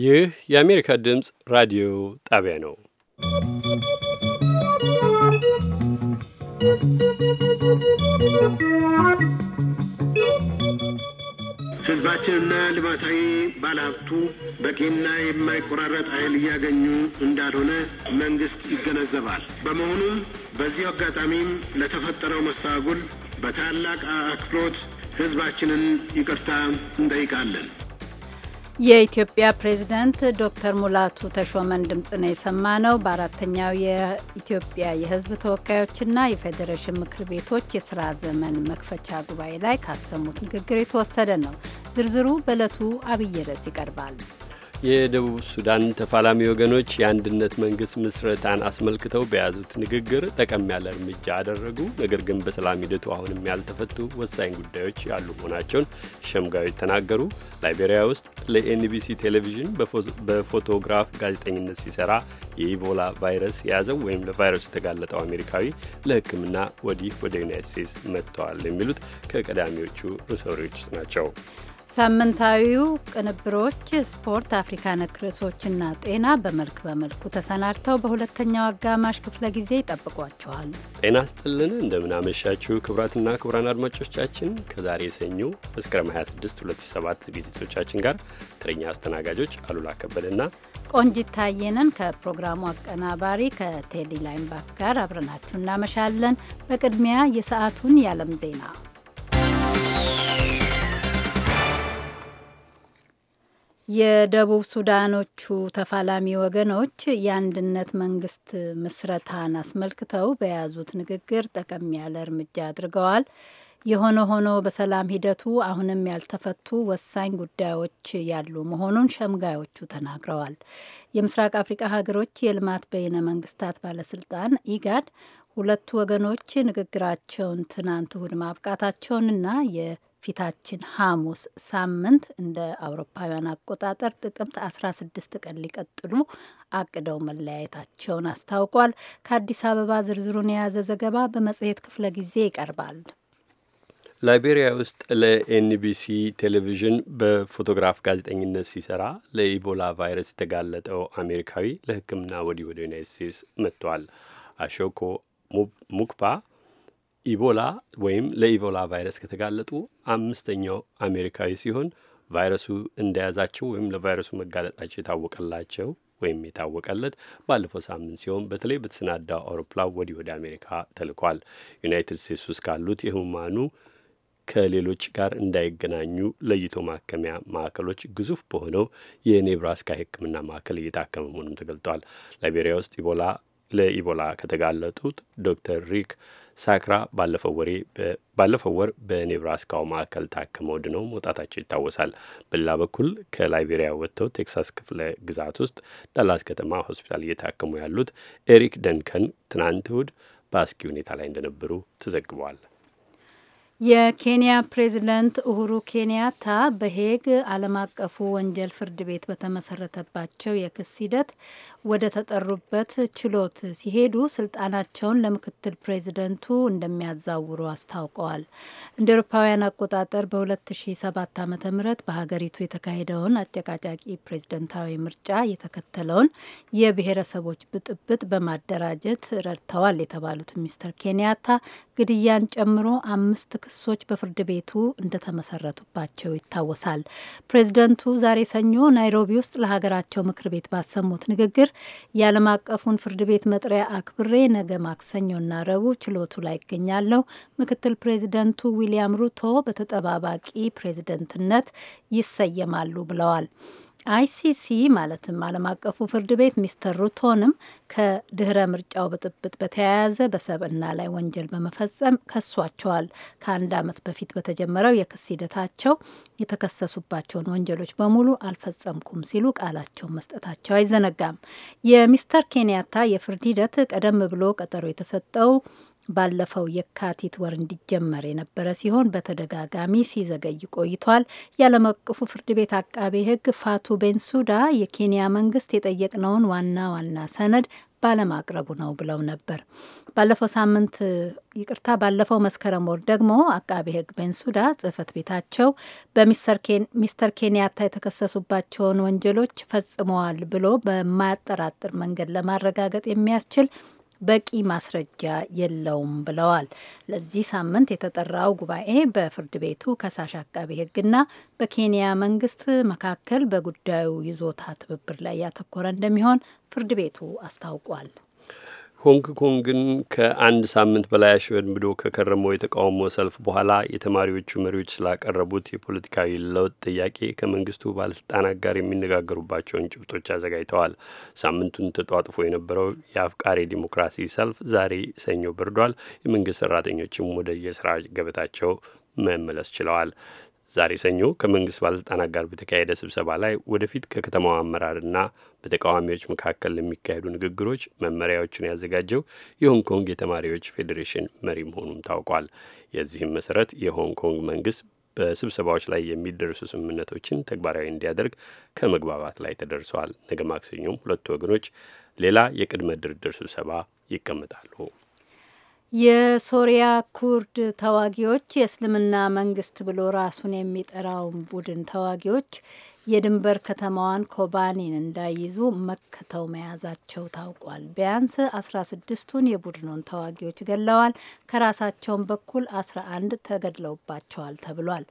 ይህ የአሜሪካ ድምፅ ራዲዮ ጣቢያ ነው። ህዝባችንና ልማታዊ ባለሀብቱ በቂና የማይቆራረጥ ኃይል እያገኙ እንዳልሆነ መንግስት ይገነዘባል። በመሆኑም በዚህ አጋጣሚም ለተፈጠረው መስተጓጎል በታላቅ አክብሮት ህዝባችንን ይቅርታ እንጠይቃለን። የኢትዮጵያ ፕሬዝደንት ዶክተር ሙላቱ ተሾመን ድምጽ ነው ነው። በአራተኛው የኢትዮጵያ የሕዝብ ተወካዮችና የፌዴሬሽን ምክር ቤቶች የስራ ዘመን መክፈቻ ጉባኤ ላይ ካሰሙት ንግግር የተወሰደ ነው። ዝርዝሩ በዕለቱ አብይ ርዕስ ይቀርባል። የደቡብ ሱዳን ተፋላሚ ወገኖች የአንድነት መንግስት ምስረታን አስመልክተው በያዙት ንግግር ጠቀም ያለ እርምጃ አደረጉ። ነገር ግን በሰላም ሂደቱ አሁንም ያልተፈቱ ወሳኝ ጉዳዮች ያሉ መሆናቸውን ሸምጋዮች ተናገሩ። ላይቤሪያ ውስጥ ለኤንቢሲ ቴሌቪዥን በፎቶግራፍ ጋዜጠኝነት ሲሰራ የኢቦላ ቫይረስ የያዘው ወይም ለቫይረሱ የተጋለጠው አሜሪካዊ ለሕክምና ወዲህ ወደ ዩናይት ስቴትስ መጥተዋል። የሚሉት ከቀዳሚዎቹ ርሰሪዎች ውስጥ ናቸው። ሳምንታዊው ቅንብሮች ስፖርት፣ አፍሪካ ነክ ርዕሶችና ጤና በመልክ በመልኩ ተሰናድተው በሁለተኛው አጋማሽ ክፍለ ጊዜ ይጠብቋቸዋል። ጤና ስጥልን፣ እንደምናመሻችሁ ክቡራትና ክቡራን አድማጮቻችን ከዛሬ የሰኞ መስከረም 26 2007 ዝግጅቶቻችን ጋር ተረኛ አስተናጋጆች አሉላ ከበልና ቆንጂት ታየንን ከፕሮግራሙ አቀናባሪ ከቴሊ ላይምባክ ጋር አብረናችሁ እናመሻለን። በቅድሚያ የሰዓቱን የዓለም ዜና የደቡብ ሱዳኖቹ ተፋላሚ ወገኖች የአንድነት መንግስት ምስረታን አስመልክተው በያዙት ንግግር ጠቀም ያለ እርምጃ አድርገዋል። የሆነ ሆኖ በሰላም ሂደቱ አሁንም ያልተፈቱ ወሳኝ ጉዳዮች ያሉ መሆኑን ሸምጋዮቹ ተናግረዋል። የምስራቅ አፍሪቃ ሀገሮች የልማት በይነ መንግስታት ባለስልጣን ኢጋድ ሁለቱ ወገኖች ንግግራቸውን ትናንት እሁድ ማብቃታቸውንና ፊታችን ሐሙስ ሳምንት እንደ አውሮፓውያን አቆጣጠር ጥቅምት 16 ቀን ሊቀጥሉ አቅደው መለያየታቸውን አስታውቋል። ከአዲስ አበባ ዝርዝሩን የያዘ ዘገባ በመጽሔት ክፍለ ጊዜ ይቀርባል። ላይቤሪያ ውስጥ ለኤንቢሲ ቴሌቪዥን በፎቶግራፍ ጋዜጠኝነት ሲሰራ ለኢቦላ ቫይረስ የተጋለጠው አሜሪካዊ ለሕክምና ወዲህ ወደ ዩናይት ስቴትስ መጥቷል። አሾኮ ሙክፓ ኢቦላ ወይም ለኢቦላ ቫይረስ ከተጋለጡ አምስተኛው አሜሪካዊ ሲሆን ቫይረሱ እንደያዛቸው ወይም ለቫይረሱ መጋለጣቸው የታወቀላቸው ወይም የታወቀለት ባለፈው ሳምንት ሲሆን በተለይ በተሰናዳው አውሮፕላን ወዲህ ወደ አሜሪካ ተልኳል። ዩናይትድ ስቴትስ ውስጥ ካሉት የህሙማኑ ከሌሎች ጋር እንዳይገናኙ ለይቶ ማከሚያ ማዕከሎች ግዙፍ በሆነው የኔብራስካ ሕክምና ማዕከል እየታከመ መሆኑም ተገልጧል። ላይቤሪያ ውስጥ ኢቦላ ለኢቦላ ከተጋለጡት ዶክተር ሪክ ሳክራ ባለፈው ወር በኔብራስካው ማዕከል ታክመው ድነው መውጣታቸው ይታወሳል። በሌላ በኩል ከላይቤሪያ ወጥተው ቴክሳስ ክፍለ ግዛት ውስጥ ዳላስ ከተማ ሆስፒታል እየታከሙ ያሉት ኤሪክ ደንከን ትናንት እሁድ በአስጊ ሁኔታ ላይ እንደነበሩ ተዘግበዋል። የኬንያ ፕሬዚደንት ኡሁሩ ኬንያታ በሄግ ዓለም አቀፉ ወንጀል ፍርድ ቤት በተመሰረተባቸው የክስ ሂደት ወደ ተጠሩበት ችሎት ሲሄዱ ስልጣናቸውን ለምክትል ፕሬዚደንቱ እንደሚያዛውሩ አስታውቀዋል። እንደ ኤሮፓውያን አቆጣጠር በ2007 ዓ ም በሀገሪቱ የተካሄደውን አጨቃጫቂ ፕሬዝደንታዊ ምርጫ የተከተለውን የብሔረሰቦች ብጥብጥ በማደራጀት ረድተዋል የተባሉት ሚስተር ኬንያታ ግድያን ጨምሮ አምስት ክሶች በፍርድ ቤቱ እንደተመሰረቱባቸው ይታወሳል። ፕሬዝደንቱ ዛሬ ሰኞ ናይሮቢ ውስጥ ለሀገራቸው ምክር ቤት ባሰሙት ንግግር የዓለም አቀፉን ፍርድ ቤት መጥሪያ አክብሬ ነገ ማክሰኞና ረቡዕ ችሎቱ ላይ ይገኛለሁ። ምክትል ፕሬዝደንቱ ዊሊያም ሩቶ በተጠባባቂ ፕሬዝደንትነት ይሰየማሉ ብለዋል። አይሲሲ ማለትም ዓለም አቀፉ ፍርድ ቤት ሚስተር ሩቶንም ከድህረ ምርጫው ብጥብጥ በተያያዘ በሰብና ላይ ወንጀል በመፈጸም ከሷቸዋል። ከአንድ ዓመት በፊት በተጀመረው የክስ ሂደታቸው የተከሰሱባቸውን ወንጀሎች በሙሉ አልፈጸምኩም ሲሉ ቃላቸውን መስጠታቸው አይዘነጋም። የሚስተር ኬንያታ የፍርድ ሂደት ቀደም ብሎ ቀጠሮ የተሰጠው ባለፈው የካቲት ወር እንዲጀመር የነበረ ሲሆን በተደጋጋሚ ሲዘገይ ቆይቷል። የዓለም አቀፉ ፍርድ ቤት አቃቤ ሕግ ፋቱ ቤንሱዳ የኬንያ መንግስት የጠየቅነውን ዋና ዋና ሰነድ ባለማቅረቡ ነው ብለው ነበር። ባለፈው ሳምንት ይቅርታ፣ ባለፈው መስከረም ወር ደግሞ አቃቤ ሕግ ቤንሱዳ ጽህፈት ቤታቸው በሚስተር ኬንያታ የተከሰሱባቸውን ወንጀሎች ፈጽመዋል ብሎ በማያጠራጥር መንገድ ለማረጋገጥ የሚያስችል በቂ ማስረጃ የለውም ብለዋል። ለዚህ ሳምንት የተጠራው ጉባኤ በፍርድ ቤቱ ከሳሽ አቃቤ ሕግና በኬንያ መንግስት መካከል በጉዳዩ ይዞታ ትብብር ላይ ያተኮረ እንደሚሆን ፍርድ ቤቱ አስታውቋል። ሆንግ ኮንግን ከአንድ ሳምንት በላይ አሽመድምዶ ከከረመው የተቃውሞ ሰልፍ በኋላ የተማሪዎቹ መሪዎች ስላቀረቡት የፖለቲካዊ ለውጥ ጥያቄ ከመንግስቱ ባለስልጣናት ጋር የሚነጋገሩባቸውን ጭብጦች አዘጋጅተዋል። ሳምንቱን ተጧጥፎ የነበረው የአፍቃሪ ዲሞክራሲ ሰልፍ ዛሬ ሰኞ በርዷል። የመንግስት ሰራተኞችም ወደ የስራ ገበታቸው መመለስ ችለዋል። ዛሬ ሰኞ ከመንግስት ባለስልጣናት ጋር በተካሄደ ስብሰባ ላይ ወደፊት ከከተማው አመራርና በተቃዋሚዎች መካከል ለሚካሄዱ ንግግሮች መመሪያዎችን ያዘጋጀው የሆንግ ኮንግ የተማሪዎች ፌዴሬሽን መሪ መሆኑም ታውቋል። የዚህም መሰረት የሆንግ ኮንግ መንግስት በስብሰባዎች ላይ የሚደርሱ ስምምነቶችን ተግባራዊ እንዲያደርግ ከመግባባት ላይ ተደርሷል። ነገ ማክሰኞም ሁለቱ ወገኖች ሌላ የቅድመ ድርድር ስብሰባ ይቀመጣሉ። የሶሪያ ኩርድ ተዋጊዎች የእስልምና መንግስት ብሎ ራሱን የሚጠራውን ቡድን ተዋጊዎች የድንበር ከተማዋን ኮባኒን እንዳይይዙ መክተው መያዛቸው ታውቋል። ቢያንስ አስራ ስድስቱን የቡድኑን ተዋጊዎች ገለዋል። ከራሳቸውን በኩል አንድ ተገድለውባቸዋል ተብሏል።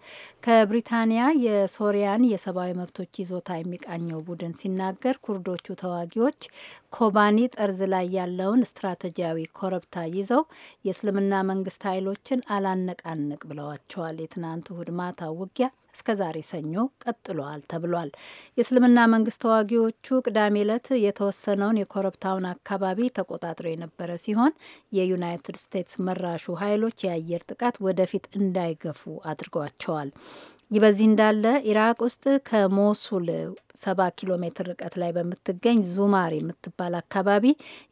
ከብሪታንያ የሶሪያን የሰብአዊ መብቶች ይዞታ የሚቃኘው ቡድን ሲናገር ኩርዶቹ ተዋጊዎች ኮባኒ ጠርዝ ላይ ያለውን ስትራቴጂያዊ ኮረብታ ይዘው የእስልምና መንግስት ኃይሎችን አላነቃንቅ ብለዋቸዋል። የትናንት እሁድ ማታ ውጊያ እስከ ዛሬ ሰኞ ቀጥሏል ተብሏል። የእስልምና መንግስት ተዋጊዎቹ ቅዳሜ ዕለት የተወሰነውን የኮረብታውን አካባቢ ተቆጣጥሮ የነበረ ሲሆን የዩናይትድ ስቴትስ መራሹ ኃይሎች የአየር ጥቃት ወደፊት እንዳይገፉ አድርጓቸዋል። ይህ በዚህ እንዳለ ኢራቅ ውስጥ ከሞሱል ሰባ ኪሎ ሜትር ርቀት ላይ በምትገኝ ዙማር የምትባል አካባቢ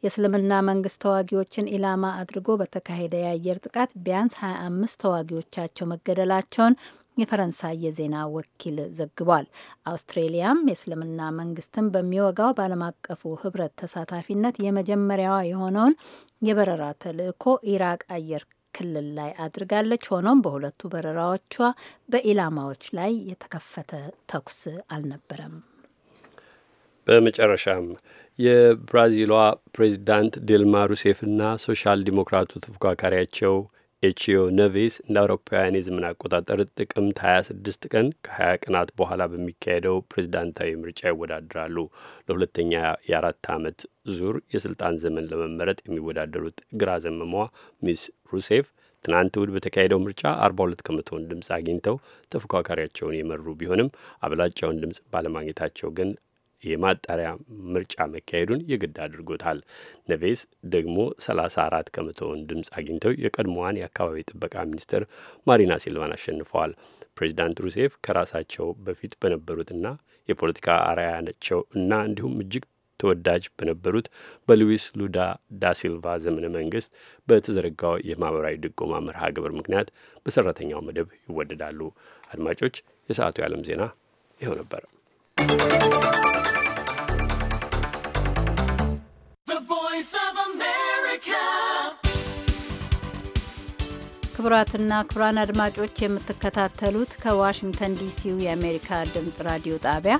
የእስልምና መንግስት ተዋጊዎችን ኢላማ አድርጎ በተካሄደ የአየር ጥቃት ቢያንስ 2አምስት ተዋጊዎቻቸው መገደላቸውን የፈረንሳይ የዜና ወኪል ዘግቧል። አውስትሬሊያም የእስልምና መንግስትን በሚወጋው በዓለም አቀፉ ህብረት ተሳታፊነት የመጀመሪያዋ የሆነውን የበረራ ተልዕኮ ኢራቅ አየር ክልል ላይ አድርጋለች። ሆኖም በሁለቱ በረራዎቿ በኢላማዎች ላይ የተከፈተ ተኩስ አልነበረም። በመጨረሻም የብራዚሏ ፕሬዚዳንት ዲልማ ሩሴፍና ሶሻል ዲሞክራቱ ተፎካካሪያቸው ኤችዮ ነቬስ እንደ አውሮፓውያን የዘመን አቆጣጠር ጥቅምት 26 ቀን ከ20 ቀናት በኋላ በሚካሄደው ፕሬዝዳንታዊ ምርጫ ይወዳደራሉ። ለሁለተኛ የአራት ዓመት ዙር የስልጣን ዘመን ለመመረጥ የሚወዳደሩት ግራ ዘመሟ ሚስ ሩሴፍ ትናንት እሁድ በተካሄደው ምርጫ 42 ከመቶውን ድምፅ አግኝተው ተፎካካሪያቸውን የመሩ ቢሆንም አብላጫውን ድምፅ ባለማግኘታቸው ግን የማጣሪያ ምርጫ መካሄዱን የግድ አድርጎታል። ነቬስ ደግሞ 34 ከመቶውን ድምፅ አግኝተው የቀድሞዋን የአካባቢ ጥበቃ ሚኒስትር ማሪና ሲልቫን አሸንፈዋል። ፕሬዚዳንት ሩሴፍ ከራሳቸው በፊት በነበሩትና የፖለቲካ አርአያ እና እንዲሁም እጅግ ተወዳጅ በነበሩት በሉዊስ ሉዳ ዳሲልቫ ዘመነ መንግስት በተዘረጋው የማህበራዊ ድጎማ መርሃ ግብር ምክንያት በሰራተኛው መደብ ይወደዳሉ። አድማጮች፣ የሰዓቱ የዓለም ዜና ይኸው ነበር። ክቡራትና ክቡራን አድማጮች የምትከታተሉት ከዋሽንግተን ዲሲው የአሜሪካ ድምጽ ራዲዮ ጣቢያ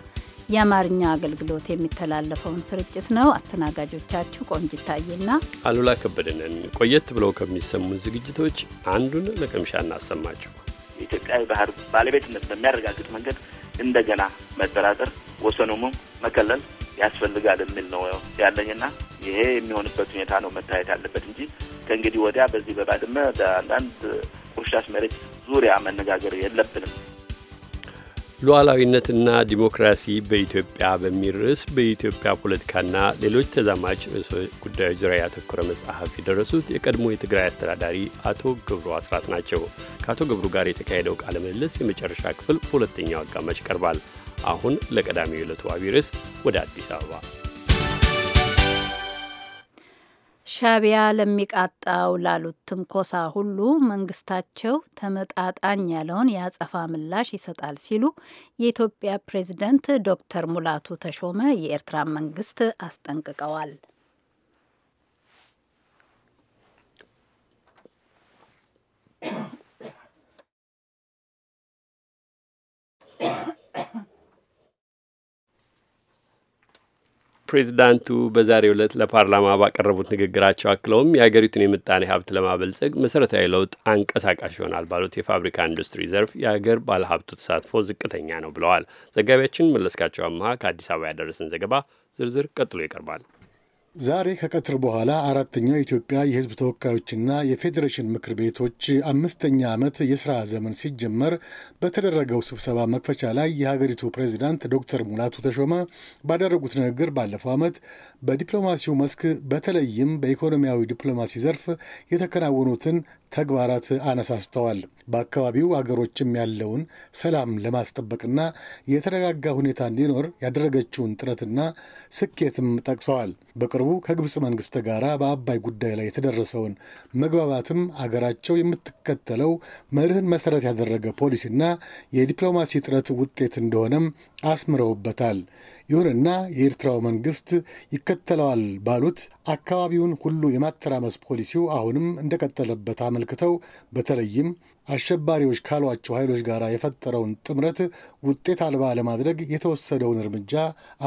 የአማርኛ አገልግሎት የሚተላለፈውን ስርጭት ነው። አስተናጋጆቻችሁ ቆንጅት አሉላ ከበደ ቆየት ብለው ከሚሰሙ ዝግጅቶች አንዱን ለቅምሻ እናሰማችሁ። የኢትዮጵያ ባህር ባለቤትነት በሚያረጋግጥ መንገድ እንደገና መጠራጠር ወሰኑንም መከለል ያስፈልጋል የሚል ነው ያለኝና ይሄ የሚሆንበት ሁኔታ ነው መታየት ያለበት እንጂ ከእንግዲህ ወዲያ በዚህ በባድመ በአንዳንድ ቁርሻሽ መሬት ዙሪያ መነጋገር የለብንም። ሉዓላዊነትና ዲሞክራሲ በኢትዮጵያ በሚል ርዕስ በኢትዮጵያ ፖለቲካና ሌሎች ተዛማች ርዕሶ ጉዳዮች ዙሪያ ያተኮረ መጽሐፍ የደረሱት የቀድሞ የትግራይ አስተዳዳሪ አቶ ገብሩ አስራት ናቸው። ከአቶ ገብሩ ጋር የተካሄደው ቃለ ምልልስ የመጨረሻ ክፍል በሁለተኛው አጋማሽ ይቀርባል። አሁን ለቀዳሚው የዕለቱ አቢይ ርዕስ ወደ አዲስ አበባ ሻቢያ ለሚቃጣው ላሉት ትንኮሳ ሁሉ መንግስታቸው ተመጣጣኝ ያለውን የአጸፋ ምላሽ ይሰጣል ሲሉ የኢትዮጵያ ፕሬዝደንት ዶክተር ሙላቱ ተሾመ የኤርትራ መንግስት አስጠንቅቀዋል። ፕሬዚዳንቱ በዛሬው ዕለት ለፓርላማ ባቀረቡት ንግግራቸው አክለውም የሀገሪቱን የምጣኔ ሀብት ለማበልጸግ መሰረታዊ ለውጥ አንቀሳቃሽ ይሆናል ባሉት የፋብሪካ ኢንዱስትሪ ዘርፍ የሀገር ባለሀብቱ ተሳትፎ ዝቅተኛ ነው ብለዋል። ዘጋቢያችን መለስካቸው አመሀ ከአዲስ አበባ ያደረሰን ዘገባ ዝርዝር ቀጥሎ ይቀርባል። ዛሬ ከቀትር በኋላ አራተኛው የኢትዮጵያ የሕዝብ ተወካዮችና የፌዴሬሽን ምክር ቤቶች አምስተኛ ዓመት የሥራ ዘመን ሲጀመር በተደረገው ስብሰባ መክፈቻ ላይ የሀገሪቱ ፕሬዚዳንት ዶክተር ሙላቱ ተሾመ ባደረጉት ንግግር ባለፈው ዓመት በዲፕሎማሲው መስክ በተለይም በኢኮኖሚያዊ ዲፕሎማሲ ዘርፍ የተከናወኑትን ተግባራት አነሳስተዋል። በአካባቢው አገሮችም ያለውን ሰላም ለማስጠበቅና የተረጋጋ ሁኔታ እንዲኖር ያደረገችውን ጥረትና ስኬትም ጠቅሰዋል። በቅርቡ በቅርቡ ከግብፅ መንግስት ጋር በአባይ ጉዳይ ላይ የተደረሰውን መግባባትም አገራቸው የምትከተለው መርህን መሰረት ያደረገ ፖሊሲና የዲፕሎማሲ ጥረት ውጤት እንደሆነም አስምረውበታል። ይሁንና የኤርትራው መንግስት ይከተለዋል ባሉት አካባቢውን ሁሉ የማተራመስ ፖሊሲው አሁንም እንደቀጠለበት አመልክተው በተለይም አሸባሪዎች ካሏቸው ኃይሎች ጋር የፈጠረውን ጥምረት ውጤት አልባ ለማድረግ የተወሰደውን እርምጃ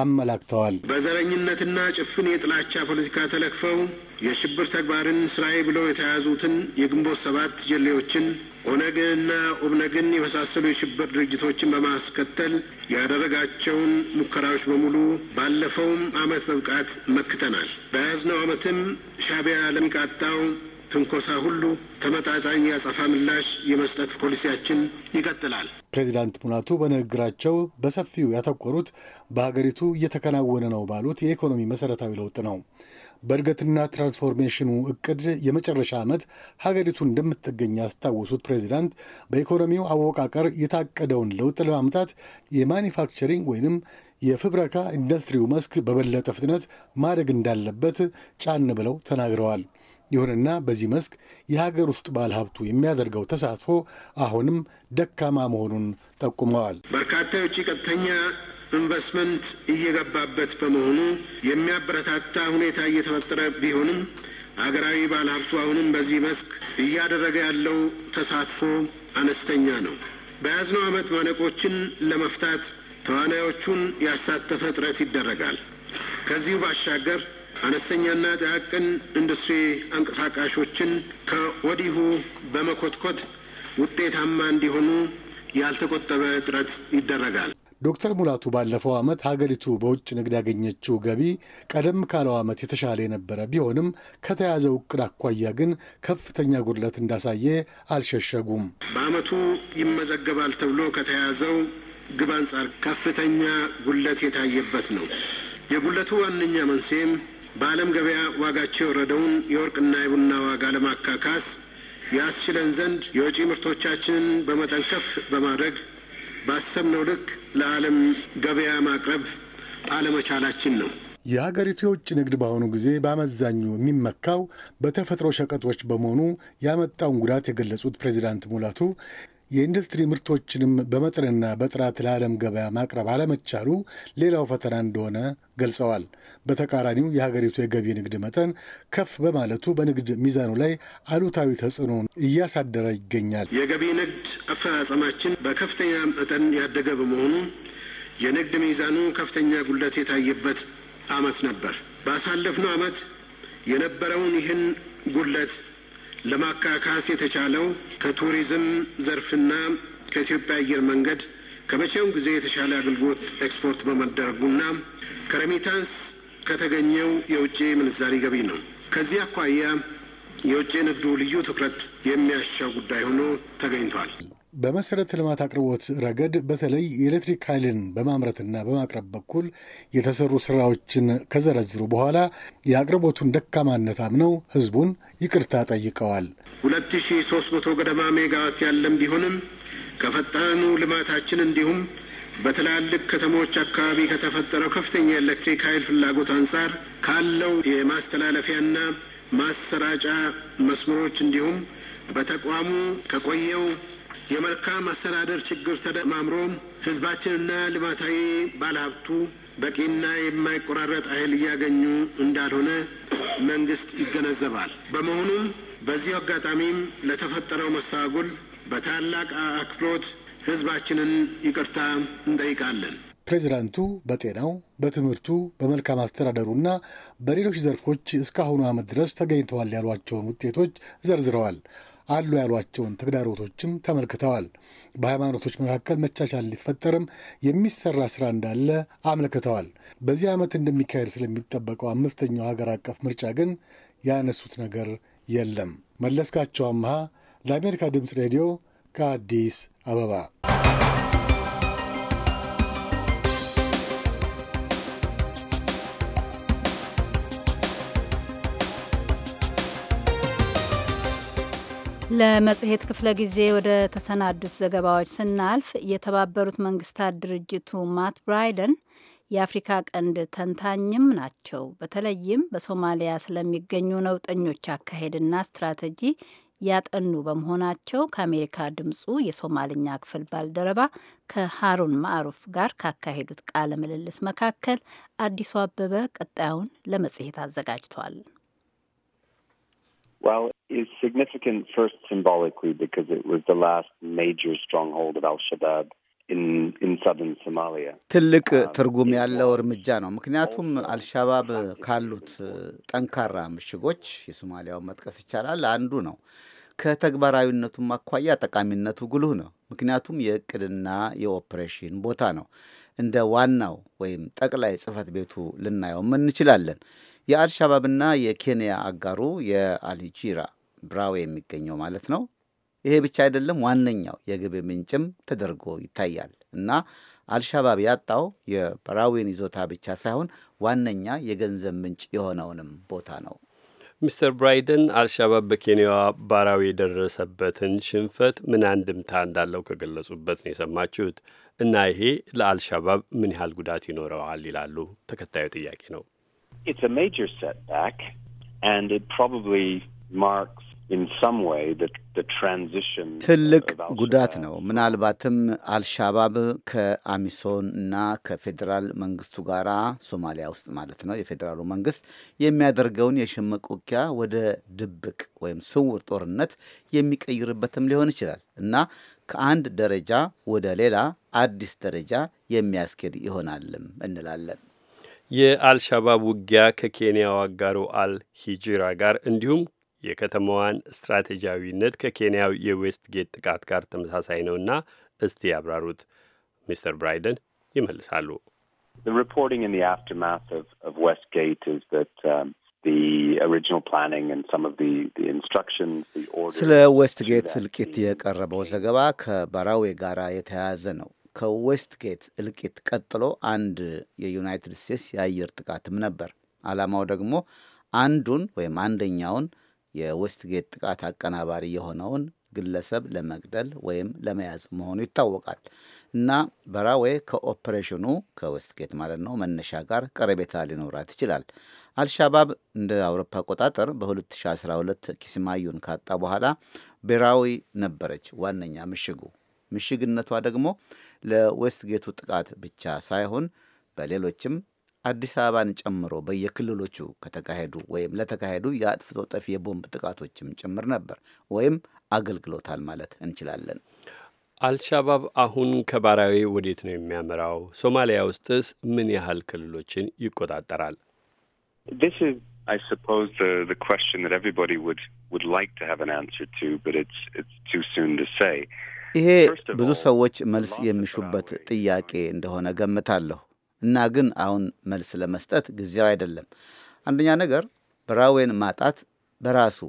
አመላክተዋል። በዘረኝነትና ጭፍን የጥላቻ ፖለቲካ ተለክፈው የሽብር ተግባርን ስራዬ ብለው የተያዙትን የግንቦት ሰባት ጀሌዎችን ኦነግንና ኦብነግን የመሳሰሉ የሽብር ድርጅቶችን በማስከተል ያደረጋቸውን ሙከራዎች በሙሉ ባለፈውም አመት በብቃት መክተናል። በያዝነው አመትም ሻቢያ ለሚቃጣው ትንኮሳ ሁሉ ተመጣጣኝ የአጸፋ ምላሽ የመስጠት ፖሊሲያችን ይቀጥላል። ፕሬዚዳንት ሙላቱ በንግግራቸው በሰፊው ያተኮሩት በሀገሪቱ እየተከናወነ ነው ባሉት የኢኮኖሚ መሠረታዊ ለውጥ ነው። በእድገትና ትራንስፎርሜሽኑ እቅድ የመጨረሻ ዓመት ሀገሪቱ እንደምትገኝ ያስታወሱት ፕሬዚዳንት በኢኮኖሚው አወቃቀር የታቀደውን ለውጥ ለማምጣት የማኒፋክቸሪንግ ወይንም የፍብረካ ኢንዱስትሪው መስክ በበለጠ ፍጥነት ማደግ እንዳለበት ጫን ብለው ተናግረዋል። ይሁንና በዚህ መስክ የሀገር ውስጥ ባለሀብቱ የሚያደርገው ተሳትፎ አሁንም ደካማ መሆኑን ጠቁመዋል። በርካታ የውጭ ቀጥተኛ ኢንቨስትመንት እየገባበት በመሆኑ የሚያበረታታ ሁኔታ እየተፈጠረ ቢሆንም ሀገራዊ ባለሀብቱ አሁንም በዚህ መስክ እያደረገ ያለው ተሳትፎ አነስተኛ ነው። በያዝነው ዓመት ማነቆችን ለመፍታት ተዋናዮቹን ያሳተፈ ጥረት ይደረጋል። ከዚሁ ባሻገር አነስተኛና ጥቃቅን ኢንዱስትሪ አንቀሳቃሾችን ከወዲሁ በመኮትኮት ውጤታማ እንዲሆኑ ያልተቆጠበ ጥረት ይደረጋል። ዶክተር ሙላቱ ባለፈው ዓመት ሀገሪቱ በውጭ ንግድ ያገኘችው ገቢ ቀደም ካለው ዓመት የተሻለ የነበረ ቢሆንም ከተያዘው እቅድ አኳያ ግን ከፍተኛ ጉድለት እንዳሳየ አልሸሸጉም። በዓመቱ ይመዘገባል ተብሎ ከተያዘው ግብ አንጻር ከፍተኛ ጉድለት የታየበት ነው። የጉድለቱ ዋነኛ መንስኤም በዓለም ገበያ ዋጋቸው የወረደውን የወርቅና የቡና ዋጋ ለማካካስ ያስችለን ዘንድ የወጪ ምርቶቻችንን በመጠን ከፍ በማድረግ ባሰብነው ልክ ለዓለም ገበያ ማቅረብ አለመቻላችን ነው። የሀገሪቱ የውጭ ንግድ በአሁኑ ጊዜ በአመዛኙ የሚመካው በተፈጥሮ ሸቀጦች በመሆኑ ያመጣውን ጉዳት የገለጹት ፕሬዚዳንት ሙላቱ የኢንዱስትሪ ምርቶችንም በመጠንና በጥራት ለዓለም ገበያ ማቅረብ አለመቻሉ ሌላው ፈተና እንደሆነ ገልጸዋል። በተቃራኒው የሀገሪቱ የገቢ ንግድ መጠን ከፍ በማለቱ በንግድ ሚዛኑ ላይ አሉታዊ ተጽዕኖ እያሳደረ ይገኛል። የገቢ ንግድ አፈጻጸማችን በከፍተኛ መጠን ያደገ በመሆኑ የንግድ ሚዛኑ ከፍተኛ ጉድለት የታየበት ዓመት ነበር። ባሳለፍነው ዓመት የነበረውን ይህን ጉድለት ለማካካስ የተቻለው ከቱሪዝም ዘርፍና ከኢትዮጵያ አየር መንገድ ከመቼውም ጊዜ የተሻለ አገልግሎት ኤክስፖርት በመደረጉና ከሬሚታንስ ከተገኘው የውጭ ምንዛሪ ገቢ ነው። ከዚህ አኳያ የውጭ ንግዱ ልዩ ትኩረት የሚያሻው ጉዳይ ሆኖ ተገኝቷል። በመሰረተ ልማት አቅርቦት ረገድ በተለይ የኤሌክትሪክ ኃይልን በማምረትና በማቅረብ በኩል የተሰሩ ስራዎችን ከዘረዝሩ በኋላ የአቅርቦቱን ደካማነት አምነው ህዝቡን ይቅርታ ጠይቀዋል። 2300 ገደማ ሜጋዋት ያለም ቢሆንም ከፈጣኑ ልማታችን እንዲሁም በትላልቅ ከተሞች አካባቢ ከተፈጠረው ከፍተኛ የኤሌክትሪክ ኃይል ፍላጎት አንጻር ካለው የማስተላለፊያና ማሰራጫ መስመሮች እንዲሁም በተቋሙ ከቆየው የመልካም አስተዳደር ችግር ተደማምሮ ህዝባችንና ልማታዊ ባለሀብቱ በቂና የማይቆራረጥ ኃይል እያገኙ እንዳልሆነ መንግስት ይገነዘባል። በመሆኑም በዚሁ አጋጣሚም ለተፈጠረው መስተጓጎል በታላቅ አክብሮት ህዝባችንን ይቅርታ እንጠይቃለን። ፕሬዚዳንቱ በጤናው፣ በትምህርቱ፣ በመልካም አስተዳደሩና በሌሎች ዘርፎች እስካሁኑ ዓመት ድረስ ተገኝተዋል ያሏቸውን ውጤቶች ዘርዝረዋል። አሉ ያሏቸውን ተግዳሮቶችም ተመልክተዋል። በሃይማኖቶች መካከል መቻቻል ሊፈጠርም የሚሰራ ስራ እንዳለ አመልክተዋል። በዚህ ዓመት እንደሚካሄድ ስለሚጠበቀው አምስተኛው ሀገር አቀፍ ምርጫ ግን ያነሱት ነገር የለም። መለስካቸው አምሃ ለአሜሪካ ድምፅ ሬዲዮ ከአዲስ አበባ ለመጽሔት ክፍለ ጊዜ ወደ ተሰናዱት ዘገባዎች ስናልፍ የተባበሩት መንግስታት ድርጅቱ ማት ብራይደን የአፍሪካ ቀንድ ተንታኝም ናቸው። በተለይም በሶማሊያ ስለሚገኙ ነውጠኞች አካሄድና ስትራቴጂ ያጠኑ በመሆናቸው ከአሜሪካ ድምጹ የሶማልኛ ክፍል ባልደረባ ከሀሩን ማዕሩፍ ጋር ካካሄዱት ቃለ ምልልስ መካከል አዲሱ አበበ ቀጣዩን ለመጽሔት አዘጋጅቷል። Well, it's significant first symbolically because it was the last major stronghold of Al-Shabaab ትልቅ um, ትርጉም ያለው እርምጃ ነው። ምክንያቱም አልሻባብ ካሉት uh, ጠንካራ ምሽጎች የሶማሊያውን መጥቀስ ይቻላል አንዱ ነው። ከተግባራዊነቱም አኳያ ጠቃሚነቱ ጉልህ ነው። ምክንያቱም የእቅድና የኦፕሬሽን ቦታ ነው። እንደ ዋናው ወይም ጠቅላይ ጽህፈት ቤቱ ልናየውም እንችላለን። የአልሻባብና የኬንያ አጋሩ የአልጂራ ብራዌ የሚገኘው ማለት ነው። ይሄ ብቻ አይደለም፣ ዋነኛው የግብ ምንጭም ተደርጎ ይታያል እና አልሻባብ ያጣው የብራዌን ይዞታ ብቻ ሳይሆን ዋነኛ የገንዘብ ምንጭ የሆነውንም ቦታ ነው። ሚስተር ብራይደን አልሻባብ በኬንያዋ ባራዊ የደረሰበትን ሽንፈት ምን አንድምታ እንዳለው ከገለጹበት ነው የሰማችሁት። እና ይሄ ለአልሻባብ ምን ያህል ጉዳት ይኖረዋል ይላሉ። ተከታዩ ጥያቄ ነው። It's a major setback, and it probably marks ትልቅ ጉዳት ነው። ምናልባትም አልሻባብ ከአሚሶን እና ከፌዴራል መንግስቱ ጋር ሶማሊያ ውስጥ ማለት ነው የፌዴራሉ መንግስት የሚያደርገውን የሽምቅ ውጊያ ወደ ድብቅ ወይም ስውር ጦርነት የሚቀይርበትም ሊሆን ይችላል እና ከአንድ ደረጃ ወደ ሌላ አዲስ ደረጃ የሚያስኬድ ይሆናልም እንላለን። የአልሻባብ ውጊያ ከኬንያው አጋሩ አል ሂጅራ ጋር እንዲሁም የከተማዋን ስትራቴጂያዊነት ከኬንያው የዌስት ጌት ጥቃት ጋር ተመሳሳይ ነውና እስቲ ያብራሩት። ሚስተር ብራይደን ይመልሳሉ። um, ስለ ዌስትጌት እልቂት የቀረበው ዘገባ ከባራዌ ጋር የተያያዘ ነው። ከዌስትጌት እልቂት ቀጥሎ አንድ የዩናይትድ ስቴትስ የአየር ጥቃትም ነበር። ዓላማው ደግሞ አንዱን ወይም አንደኛውን የዌስትጌት ጥቃት አቀናባሪ የሆነውን ግለሰብ ለመግደል ወይም ለመያዝ መሆኑ ይታወቃል እና በራዌ ከኦፕሬሽኑ ከዌስትጌት ማለት ነው መነሻ ጋር ቀረቤታ ሊኖራት ይችላል። አልሻባብ እንደ አውሮፓ አቆጣጠር በ2012 ኪስማዩን ካጣ በኋላ ብሔራዊ ነበረች ዋነኛ ምሽጉ ምሽግነቷ ደግሞ ለዌስትጌቱ ጥቃት ብቻ ሳይሆን በሌሎችም አዲስ አበባን ጨምሮ በየክልሎቹ ከተካሄዱ ወይም ለተካሄዱ የአጥፍቶ ጠፊ የቦምብ ጥቃቶችም ጭምር ነበር ወይም አገልግሎታል ማለት እንችላለን። አልሻባብ አሁን ከባራዊ ወዴት ነው የሚያመራው? ሶማሊያ ውስጥስ ምን ያህል ክልሎችን ይቆጣጠራል? ይሄ ብዙ ሰዎች መልስ የሚሹበት ጥያቄ እንደሆነ ገምታለሁ እና ግን አሁን መልስ ለመስጠት ጊዜው አይደለም። አንደኛ ነገር በራዌን ማጣት በራሱ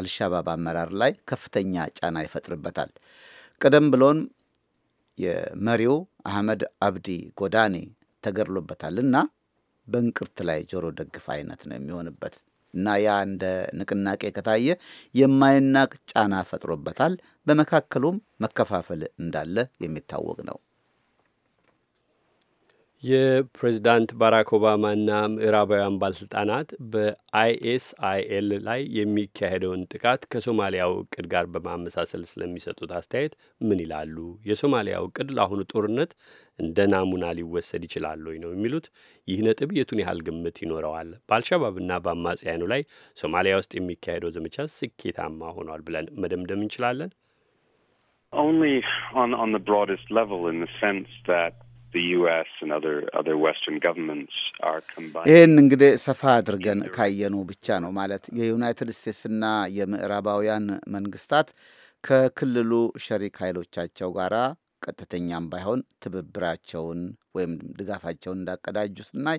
አልሻባብ አመራር ላይ ከፍተኛ ጫና ይፈጥርበታል። ቀደም ብሎን የመሪው አህመድ አብዲ ጎዳኔ ተገድሎበታል እና በእንቅርት ላይ ጆሮ ደግፍ አይነት ነው የሚሆንበት። እና ያ እንደ ንቅናቄ ከታየ የማይናቅ ጫና ፈጥሮበታል። በመካከሉም መከፋፈል እንዳለ የሚታወቅ ነው። የፕሬዚዳንት ባራክ ኦባማና ምዕራባውያን ባለስልጣናት በአይኤስአይኤል ላይ የሚካሄደውን ጥቃት ከሶማሊያው እቅድ ጋር በማመሳሰል ስለሚሰጡት አስተያየት ምን ይላሉ? የሶማሊያው እቅድ ለአሁኑ ጦርነት እንደ ናሙና ሊወሰድ ይችላል ወይ ነው የሚሉት። ይህ ነጥብ የቱን ያህል ግምት ይኖረዋል? በአልሻባብና በአማጽያኑ ላይ ሶማሊያ ውስጥ የሚካሄደው ዘመቻ ስኬታማ ሆኗል ብለን መደምደም እንችላለን? Only on, on the broadest level in the sense that ይህን እንግዲህ ሰፋ አድርገን ካየኑ ብቻ ነው ማለት የዩናይትድ ስቴትስና የምዕራባውያን መንግስታት ከክልሉ ሸሪክ ኃይሎቻቸው ጋር ቀጥተኛም ባይሆን ትብብራቸውን ወይም ድጋፋቸውን እንዳቀዳጁ ስናይ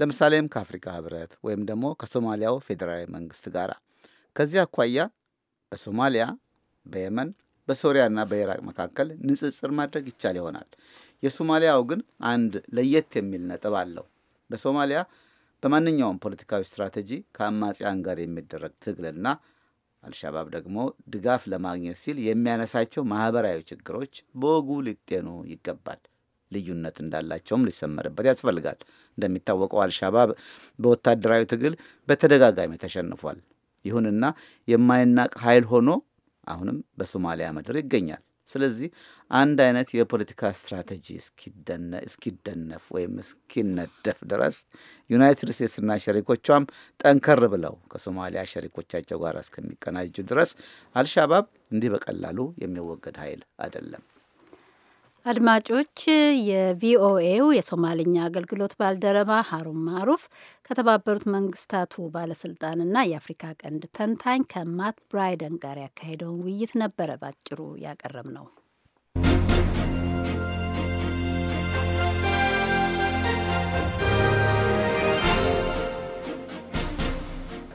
ለምሳሌም ከአፍሪካ ህብረት ወይም ደግሞ ከሶማሊያው ፌዴራላዊ መንግስት ጋር ከዚህ አኳያ በሶማሊያ፣ በየመን፣ በሶሪያና በኢራቅ መካከል ንጽጽር ማድረግ ይቻል ይሆናል። የሶማሊያው ግን አንድ ለየት የሚል ነጥብ አለው። በሶማሊያ በማንኛውም ፖለቲካዊ ስትራቴጂ ከአማጽያን ጋር የሚደረግ ትግልና አልሻባብ ደግሞ ድጋፍ ለማግኘት ሲል የሚያነሳቸው ማህበራዊ ችግሮች በወጉ ሊጤኑ ይገባል። ልዩነት እንዳላቸውም ሊሰመርበት ያስፈልጋል። እንደሚታወቀው አልሻባብ በወታደራዊ ትግል በተደጋጋሚ ተሸንፏል። ይሁንና የማይናቅ ኃይል ሆኖ አሁንም በሶማሊያ ምድር ይገኛል። ስለዚህ አንድ አይነት የፖለቲካ ስትራቴጂ እስኪደነፍ ወይም እስኪነደፍ ድረስ ዩናይትድ ስቴትስና ሸሪኮቿም ጠንከር ብለው ከሶማሊያ ሸሪኮቻቸው ጋር እስከሚቀናጁ ድረስ አልሻባብ እንዲህ በቀላሉ የሚወገድ ኃይል አይደለም። አድማጮች የቪኦኤው የሶማልኛ አገልግሎት ባልደረባ ሀሩን ማሩፍ ከተባበሩት መንግስታቱ ባለስልጣንና የአፍሪካ ቀንድ ተንታኝ ከማት ብራይደን ጋር ያካሄደውን ውይይት ነበረ ባጭሩ ያቀረብ ነው።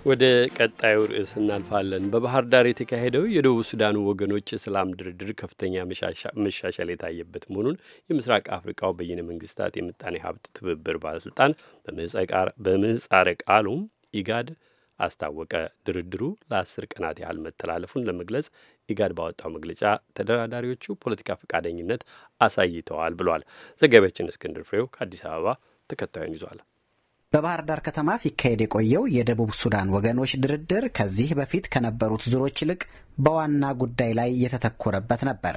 ወደ ቀጣዩ ርዕስ እናልፋለን። በባህር ዳር የተካሄደው የደቡብ ሱዳኑ ወገኖች የሰላም ድርድር ከፍተኛ መሻሻል የታየበት መሆኑን የምስራቅ አፍሪካው በይነ መንግስታት የምጣኔ ሀብት ትብብር ባለስልጣን በምህጻረ ቃሉም ኢጋድ አስታወቀ። ድርድሩ ለአስር ቀናት ያህል መተላለፉን ለመግለጽ ኢጋድ ባወጣው መግለጫ ተደራዳሪዎቹ ፖለቲካ ፈቃደኝነት አሳይተዋል ብሏል። ዘጋቢያችን እስክንድር ፍሬው ከአዲስ አበባ ተከታዩን ይዟል። በባህር ዳር ከተማ ሲካሄድ የቆየው የደቡብ ሱዳን ወገኖች ድርድር ከዚህ በፊት ከነበሩት ዙሮች ይልቅ በዋና ጉዳይ ላይ የተተኮረበት ነበር።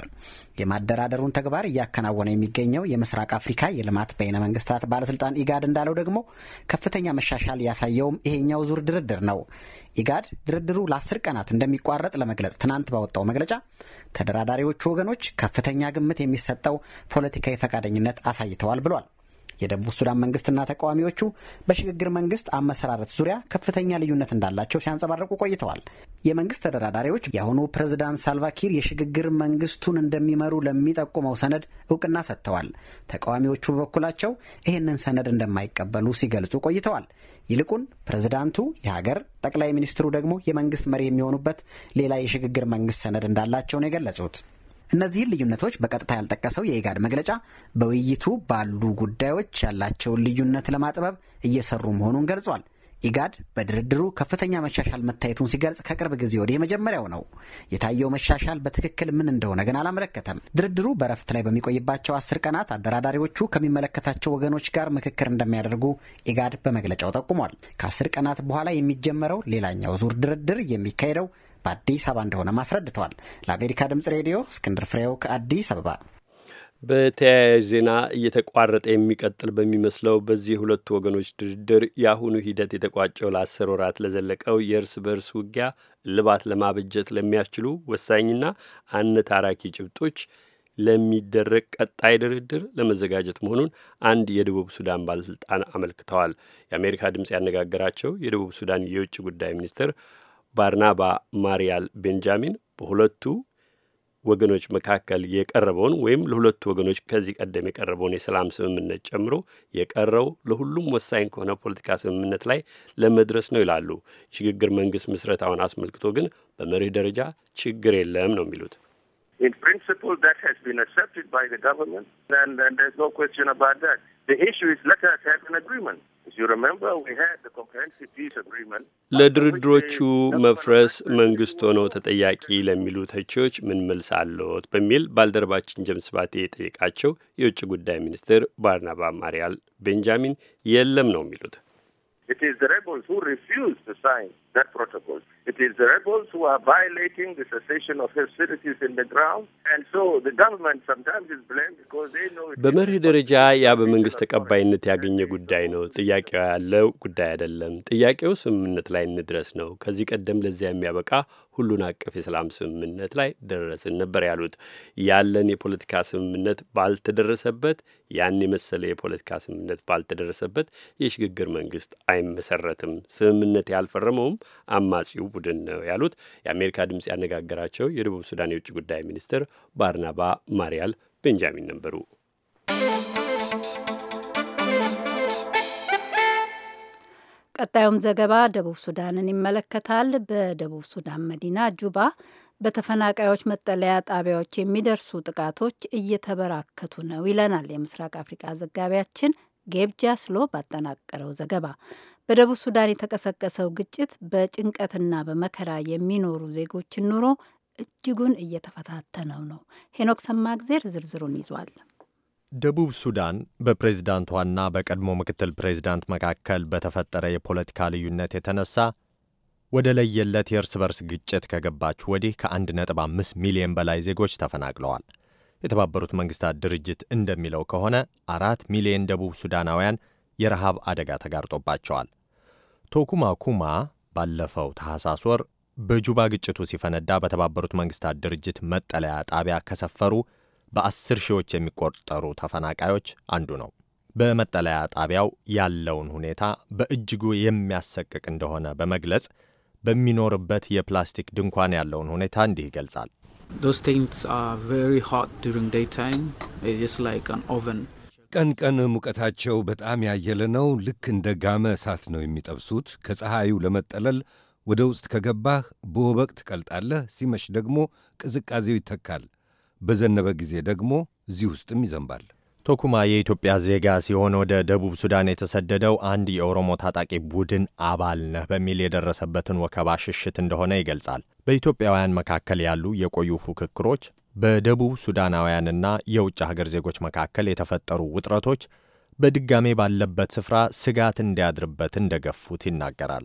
የማደራደሩን ተግባር እያከናወነ የሚገኘው የምስራቅ አፍሪካ የልማት በይነ መንግስታት ባለስልጣን ኢጋድ እንዳለው ደግሞ ከፍተኛ መሻሻል ያሳየውም ይሄኛው ዙር ድርድር ነው። ኢጋድ ድርድሩ ለአስር ቀናት እንደሚቋረጥ ለመግለጽ ትናንት ባወጣው መግለጫ ተደራዳሪዎቹ ወገኖች ከፍተኛ ግምት የሚሰጠው ፖለቲካዊ ፈቃደኝነት አሳይተዋል ብሏል። የደቡብ ሱዳን መንግስትና ተቃዋሚዎቹ በሽግግር መንግስት አመሰራረት ዙሪያ ከፍተኛ ልዩነት እንዳላቸው ሲያንጸባርቁ ቆይተዋል። የመንግስት ተደራዳሪዎች የአሁኑ ፕሬዝዳንት ሳልቫኪር የሽግግር መንግስቱን እንደሚመሩ ለሚጠቁመው ሰነድ እውቅና ሰጥተዋል። ተቃዋሚዎቹ በበኩላቸው ይህንን ሰነድ እንደማይቀበሉ ሲገልጹ ቆይተዋል። ይልቁን ፕሬዝዳንቱ የሀገር ጠቅላይ ሚኒስትሩ ደግሞ የመንግስት መሪ የሚሆኑበት ሌላ የሽግግር መንግስት ሰነድ እንዳላቸው ነው የገለጹት። እነዚህን ልዩነቶች በቀጥታ ያልጠቀሰው የኢጋድ መግለጫ በውይይቱ ባሉ ጉዳዮች ያላቸውን ልዩነት ለማጥበብ እየሰሩ መሆኑን ገልጿል። ኢጋድ በድርድሩ ከፍተኛ መሻሻል መታየቱን ሲገልጽ ከቅርብ ጊዜ ወዲህ የመጀመሪያው ነው። የታየው መሻሻል በትክክል ምን እንደሆነ ግን አላመለከተም። ድርድሩ በረፍት ላይ በሚቆይባቸው አስር ቀናት አደራዳሪዎቹ ከሚመለከታቸው ወገኖች ጋር ምክክር እንደሚያደርጉ ኢጋድ በመግለጫው ጠቁሟል። ከአስር ቀናት በኋላ የሚጀመረው ሌላኛው ዙር ድርድር የሚካሄደው በአዲስ አበባ እንደሆነም አስረድተዋል። ለአሜሪካ ድምጽ ሬዲዮ እስክንድር ፍሬው ከአዲስ አበባ። በተያያዥ ዜና እየተቋረጠ የሚቀጥል በሚመስለው በዚህ ሁለቱ ወገኖች ድርድር የአሁኑ ሂደት የተቋጨው ለአስር ወራት ለዘለቀው የእርስ በእርስ ውጊያ እልባት ለማበጀት ለሚያስችሉ ወሳኝና አነታራኪ ጭብጦች ለሚደረግ ቀጣይ ድርድር ለመዘጋጀት መሆኑን አንድ የደቡብ ሱዳን ባለስልጣን አመልክተዋል። የአሜሪካ ድምፅ ያነጋገራቸው የደቡብ ሱዳን የውጭ ጉዳይ ሚኒስትር ባርናባ ማሪያል ቤንጃሚን በሁለቱ ወገኖች መካከል የቀረበውን ወይም ለሁለቱ ወገኖች ከዚህ ቀደም የቀረበውን የሰላም ስምምነት ጨምሮ የቀረው ለሁሉም ወሳኝ ከሆነ ፖለቲካ ስምምነት ላይ ለመድረስ ነው ይላሉ። የሽግግር መንግስት ምስረታውን አስመልክቶ ግን በመርህ ደረጃ ችግር የለም ነው የሚሉት። ኢን ፕሪንሲፕል ዛት ሃዝ ቢን አክሰፕትድ ባይ ዘ ገቨርንመንት ኤንድ ዜርስ ኖ ኩዌስችን አባውት ዛት ለድርድሮቹ መፍረስ መንግስት ሆነው ተጠያቂ ለሚሉ ተቺዎች ምን መልስ አለዎት? በሚል ባልደረባችን ጀምስ ባቴ የጠየቃቸው የውጭ ጉዳይ ሚኒስትር ባርናባ ማሪያል ቤንጃሚን የለም ነው የሚሉት። It is the rebels who refuse to sign that protocol. It is the rebels who are violating the cessation of hostilities in the ground. And so the government sometimes is blamed because they know it በመርህ ደረጃ ያ በመንግስት ተቀባይነት ያገኘ ጉዳይ ነው። ጥያቄው ያለው ጉዳይ አይደለም። ጥያቄው ስምምነት ላይ እንድረስ ነው። ከዚህ ቀደም ለዚያ የሚያበቃ ሁሉን አቀፍ የሰላም ስምምነት ላይ ደረስን ነበር ያሉት ያለን የፖለቲካ ስምምነት ባልተደረሰበት ያን የመሰለ የፖለቲካ ስምምነት ባልተደረሰበት የሽግግር መንግስት አይመሰረትም፣ ስምምነት ያልፈረመውም አማጺው ቡድን ነው ያሉት የአሜሪካ ድምፅ ያነጋገራቸው የደቡብ ሱዳን የውጭ ጉዳይ ሚኒስትር ባርናባ ማሪያል ቤንጃሚን ነበሩ። ቀጣዩም ዘገባ ደቡብ ሱዳንን ይመለከታል። በደቡብ ሱዳን መዲና ጁባ በተፈናቃዮች መጠለያ ጣቢያዎች የሚደርሱ ጥቃቶች እየተበራከቱ ነው ይለናል የምስራቅ አፍሪቃ ዘጋቢያችን ጌብጃ ስሎ ባጠናቀረው ዘገባ በደቡብ ሱዳን የተቀሰቀሰው ግጭት በጭንቀትና በመከራ የሚኖሩ ዜጎችን ኑሮ እጅጉን እየተፈታተነው ነው። ሄኖክ ሰማግዜር ዝርዝሩን ይዟል። ደቡብ ሱዳን በፕሬዝዳንቷና በቀድሞ ምክትል ፕሬዝዳንት መካከል በተፈጠረ የፖለቲካ ልዩነት የተነሳ ወደ ለየለት የእርስ በርስ ግጭት ከገባች ወዲህ ከ1.5 ሚሊዮን በላይ ዜጎች ተፈናቅለዋል። የተባበሩት መንግስታት ድርጅት እንደሚለው ከሆነ አራት ሚሊዮን ደቡብ ሱዳናውያን የረሃብ አደጋ ተጋርጦባቸዋል። ቶኩማ ኩማ ባለፈው ታህሳስ ወር በጁባ ግጭቱ ሲፈነዳ በተባበሩት መንግስታት ድርጅት መጠለያ ጣቢያ ከሰፈሩ በአስር ሺዎች የሚቆጠሩ ተፈናቃዮች አንዱ ነው። በመጠለያ ጣቢያው ያለውን ሁኔታ በእጅጉ የሚያሰቅቅ እንደሆነ በመግለጽ በሚኖርበት የፕላስቲክ ድንኳን ያለውን ሁኔታ እንዲህ ይገልጻል። ቀን ቀን ሙቀታቸው በጣም ያየለ ነው። ልክ እንደ ጋመ እሳት ነው የሚጠብሱት። ከፀሐዩ ለመጠለል ወደ ውስጥ ከገባህ በወበቅ ትቀልጣለህ፣ ሲመሽ ደግሞ ቅዝቃዜው ይተካል። በዘነበ ጊዜ ደግሞ እዚህ ውስጥም ይዘንባል። ቶኩማ የኢትዮጵያ ዜጋ ሲሆን ወደ ደቡብ ሱዳን የተሰደደው አንድ የኦሮሞ ታጣቂ ቡድን አባል ነህ በሚል የደረሰበትን ወከባ ሽሽት እንደሆነ ይገልጻል። በኢትዮጵያውያን መካከል ያሉ የቆዩ ፉክክሮች፣ በደቡብ ሱዳናውያንና የውጭ ሀገር ዜጎች መካከል የተፈጠሩ ውጥረቶች በድጋሜ ባለበት ስፍራ ስጋት እንዲያድርበት እንደገፉት ይናገራል።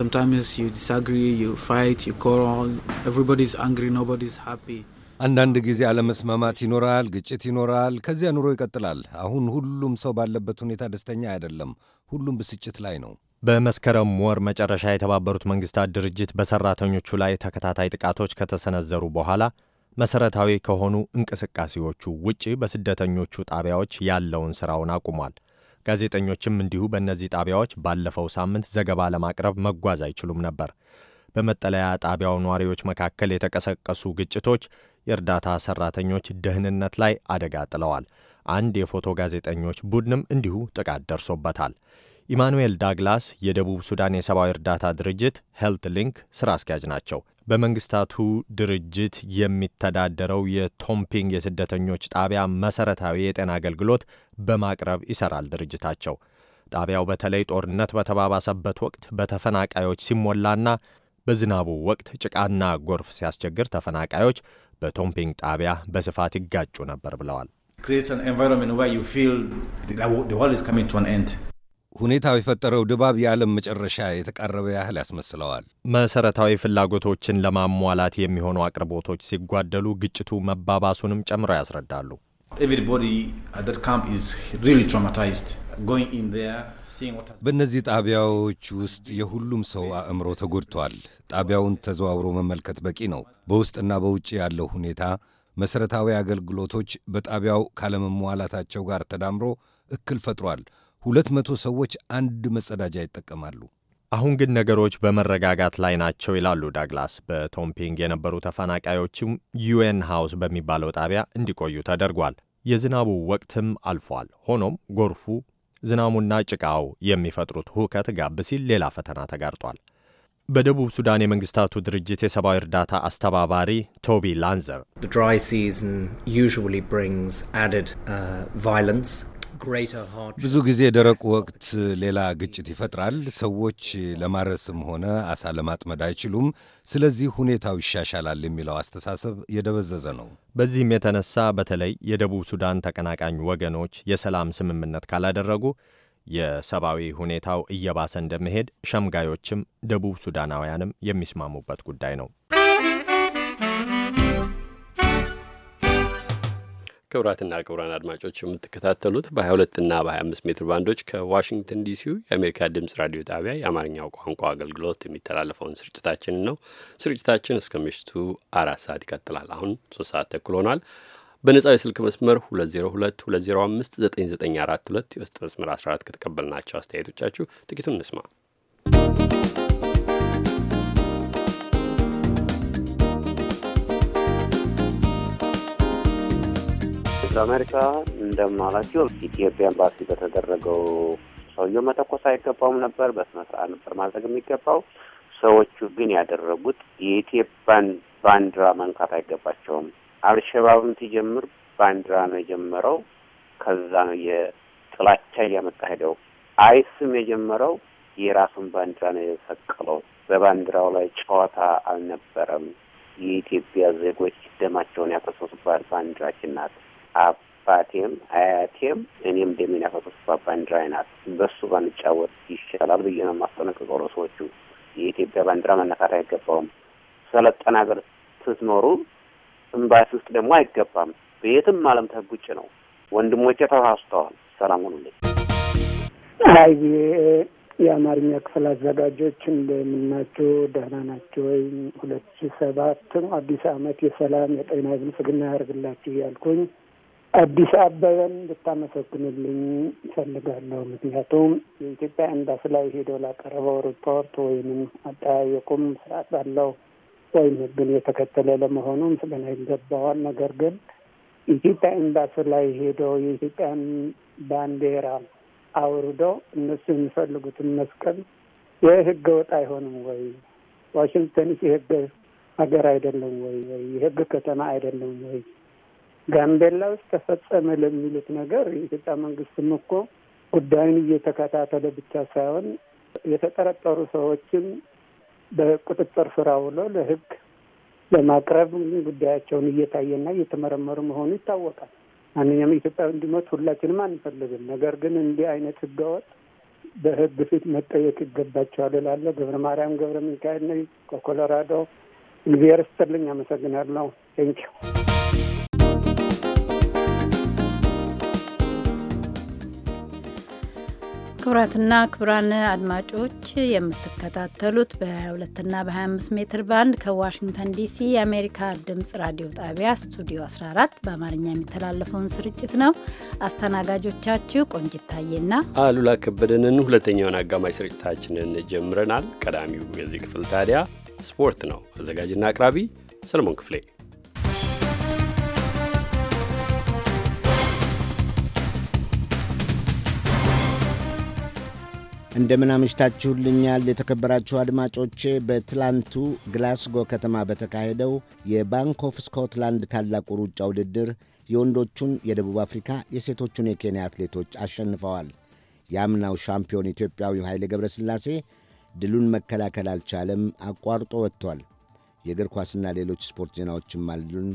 Sometimes you disagree, you fight, you quarrel, everybody's angry, nobody's happy. አንዳንድ ጊዜ አለመስማማት ይኖራል፣ ግጭት ይኖራል። ከዚያ ኑሮ ይቀጥላል። አሁን ሁሉም ሰው ባለበት ሁኔታ ደስተኛ አይደለም። ሁሉም ብስጭት ላይ ነው። በመስከረም ወር መጨረሻ የተባበሩት መንግስታት ድርጅት በሰራተኞቹ ላይ ተከታታይ ጥቃቶች ከተሰነዘሩ በኋላ መሰረታዊ ከሆኑ እንቅስቃሴዎቹ ውጪ በስደተኞቹ ጣቢያዎች ያለውን ስራውን አቁሟል። ጋዜጠኞችም እንዲሁ በእነዚህ ጣቢያዎች ባለፈው ሳምንት ዘገባ ለማቅረብ መጓዝ አይችሉም ነበር። በመጠለያ ጣቢያው ነዋሪዎች መካከል የተቀሰቀሱ ግጭቶች የእርዳታ ሰራተኞች ደህንነት ላይ አደጋ ጥለዋል። አንድ የፎቶ ጋዜጠኞች ቡድንም እንዲሁ ጥቃት ደርሶበታል። ኢማኑኤል ዳግላስ የደቡብ ሱዳን የሰብአዊ እርዳታ ድርጅት ሄልት ሊንክ ሥራ አስኪያጅ ናቸው። በመንግስታቱ ድርጅት የሚተዳደረው የቶምፒንግ የስደተኞች ጣቢያ መሠረታዊ የጤና አገልግሎት በማቅረብ ይሠራል ድርጅታቸው። ጣቢያው በተለይ ጦርነት በተባባሰበት ወቅት በተፈናቃዮች ሲሞላና በዝናቡ ወቅት ጭቃና ጎርፍ ሲያስቸግር ተፈናቃዮች በቶምፒንግ ጣቢያ በስፋት ይጋጩ ነበር ብለዋል። ሁኔታው የፈጠረው ድባብ የዓለም መጨረሻ የተቃረበ ያህል ያስመስለዋል። መሰረታዊ ፍላጎቶችን ለማሟላት የሚሆኑ አቅርቦቶች ሲጓደሉ ግጭቱ መባባሱንም ጨምረው ያስረዳሉ። በእነዚህ ጣቢያዎች ውስጥ የሁሉም ሰው አእምሮ ተጎድቷል። ጣቢያውን ተዘዋውሮ መመልከት በቂ ነው። በውስጥና በውጭ ያለው ሁኔታ መሠረታዊ አገልግሎቶች በጣቢያው ካለመሟላታቸው ጋር ተዳምሮ እክል ፈጥሯል። ሁለት መቶ ሰዎች አንድ መጸዳጃ ይጠቀማሉ። አሁን ግን ነገሮች በመረጋጋት ላይ ናቸው ይላሉ ዳግላስ። በቶምፒንግ የነበሩ ተፈናቃዮችም ዩኤን ሃውስ በሚባለው ጣቢያ እንዲቆዩ ተደርጓል። የዝናቡ ወቅትም አልፏል። ሆኖም ጎርፉ፣ ዝናሙና ጭቃው የሚፈጥሩት ሁከት ጋብ ሲል ሌላ ፈተና ተጋርጧል። በደቡብ ሱዳን የመንግስታቱ ድርጅት የሰብአዊ እርዳታ አስተባባሪ ቶቢ ላንዘር uh, ብዙ ጊዜ ደረቁ ወቅት ሌላ ግጭት ይፈጥራል። ሰዎች ለማረስም ሆነ አሳ ለማጥመድ አይችሉም። ስለዚህ ሁኔታው ይሻሻላል የሚለው አስተሳሰብ የደበዘዘ ነው። በዚህም የተነሳ በተለይ የደቡብ ሱዳን ተቀናቃኝ ወገኖች የሰላም ስምምነት ካላደረጉ የሰብአዊ ሁኔታው እየባሰ እንደመሄድ ሸምጋዮችም ደቡብ ሱዳናውያንም የሚስማሙበት ጉዳይ ነው። ክቡራትና ክቡራን አድማጮች የምትከታተሉት በ22ና በ25 ሜትር ባንዶች ከዋሽንግተን ዲሲው የአሜሪካ ድምፅ ራዲዮ ጣቢያ የአማርኛው ቋንቋ አገልግሎት የሚተላለፈውን ስርጭታችን ነው። ስርጭታችን እስከ ምሽቱ አራት ሰዓት ይቀጥላል። አሁን ሶስት ሰዓት ተኩል ሆኗል። በነጻው የስልክ መስመር 2022059942 የውስጥ መስመር 14 ከተቀበልናቸው አስተያየቶቻችሁ ጥቂቱን እንስማ። አሜሪካ እንደማላቸው ኢትዮጵያ ኤምባሲ በተደረገው ሰውየው መተኮስ አይገባውም ነበር፣ በስነ ስርዓት ነበር ማድረግ የሚገባው። ሰዎቹ ግን ያደረጉት የኢትዮጵያን ባንዲራ መንካት አይገባቸውም አልሸባብም ሲጀምር ባንዲራ ነው የጀመረው። ከዛ ነው የጥላቻ እያመጣ ሄደው። አይስም የጀመረው የራሱን ባንዲራ ነው የሰቀለው። በባንዲራው ላይ ጨዋታ አልነበረም። የኢትዮጵያ ዜጎች ደማቸውን ያፈሰሱባት ባንዲራችን ናት። አባቴም አያቴም እኔም ደሜን ያፈሰሱባት ባንዲራ ናት። በሱ ባንጫወት ይሻላል ብዬ ነው የማስጠነቅቀው ለሰዎቹ። የኢትዮጵያ ባንዲራ መነካት አይገባውም። ሰለጠን ሀገር ስትኖሩ እምባስ ውስጥ ደግሞ አይገባም። በየትም ዓለም ተጉጭ ነው። ወንድሞቼ ተሳስተዋል። ሰላም ሁኑልኝ። አይ የአማርኛ ክፍል አዘጋጆች እንደምናቸው ደህና ናቸው ወይ? ሁለት ሺ ሰባት አዲስ አመት የሰላም የጤና ብልጽግና ያደርግላችሁ እያልኩኝ አዲስ አበበን ልታመሰግንልኝ ይፈልጋለሁ ምክንያቱም የኢትዮጵያ ኤምባሲ ላይ ሄዶ ላቀረበው ሪፖርት ወይንም አጠያየቁም ስርዓት ባለው ወይም ህግን የተከተለ ለመሆኑ ምስጋና ይገባዋል። ነገር ግን ኢትዮጵያ ኤምባሲ ላይ ሄደው የኢትዮጵያን ባንዴራ አውርደው እነሱ የሚፈልጉትን መስቀል ይህ ወጥ አይሆንም ወይ? ዋሽንግተንስ የሕግ ሀገር አይደለም ወይ? ወይ የህግ ከተማ አይደለም ወይ? ጋምቤላ ውስጥ ተፈጸመ ለሚሉት ነገር የኢትዮጵያ መንግስትም እኮ ጉዳዩን እየተከታተለ ብቻ ሳይሆን የተጠረጠሩ ሰዎችን በቁጥጥር ስራ ውሎ ለህግ ለማቅረብ ጉዳያቸውን እየታየና እየተመረመሩ መሆኑ ይታወቃል። ማንኛውም ኢትዮጵያ እንዲሞት ሁላችንም አንፈልግም። ነገር ግን እንዲህ አይነት ህገወጥ በህግ ፊት መጠየቅ ይገባቸዋል እላለሁ። ገብረ ማርያም ገብረ ሚካኤል ነኝ ከኮሎራዶ። እግዚአብሔር ይስጥልኝ። አመሰግናለሁ። ቴንኪው ክቡራትና ክቡራን አድማጮች የምትከታተሉት በ22ና በ25 ሜትር ባንድ ከዋሽንግተን ዲሲ የአሜሪካ ድምፅ ራዲዮ ጣቢያ ስቱዲዮ 14 በአማርኛ የሚተላለፈውን ስርጭት ነው። አስተናጋጆቻችሁ ቆንጂት ታዬና አሉላ ከበደንን። ሁለተኛውን አጋማሽ ስርጭታችንን ጀምረናል። ቀዳሚው የዚህ ክፍል ታዲያ ስፖርት ነው። አዘጋጅና አቅራቢ ሰለሞን ክፍሌ እንደምን አምሽታችሁልኛል የተከበራችሁ አድማጮቼ። በትላንቱ ግላስጎ ከተማ በተካሄደው የባንክ ኦፍ ስኮትላንድ ታላቁ ሩጫ ውድድር የወንዶቹን የደቡብ አፍሪካ፣ የሴቶቹን የኬንያ አትሌቶች አሸንፈዋል። የአምናው ሻምፒዮን ኢትዮጵያዊው ኃይሌ ሥላሴ ድሉን መከላከል አልቻለም፣ አቋርጦ ወጥቷል። የእግር ኳስና ሌሎች ስፖርት ዜናዎችም አሉን።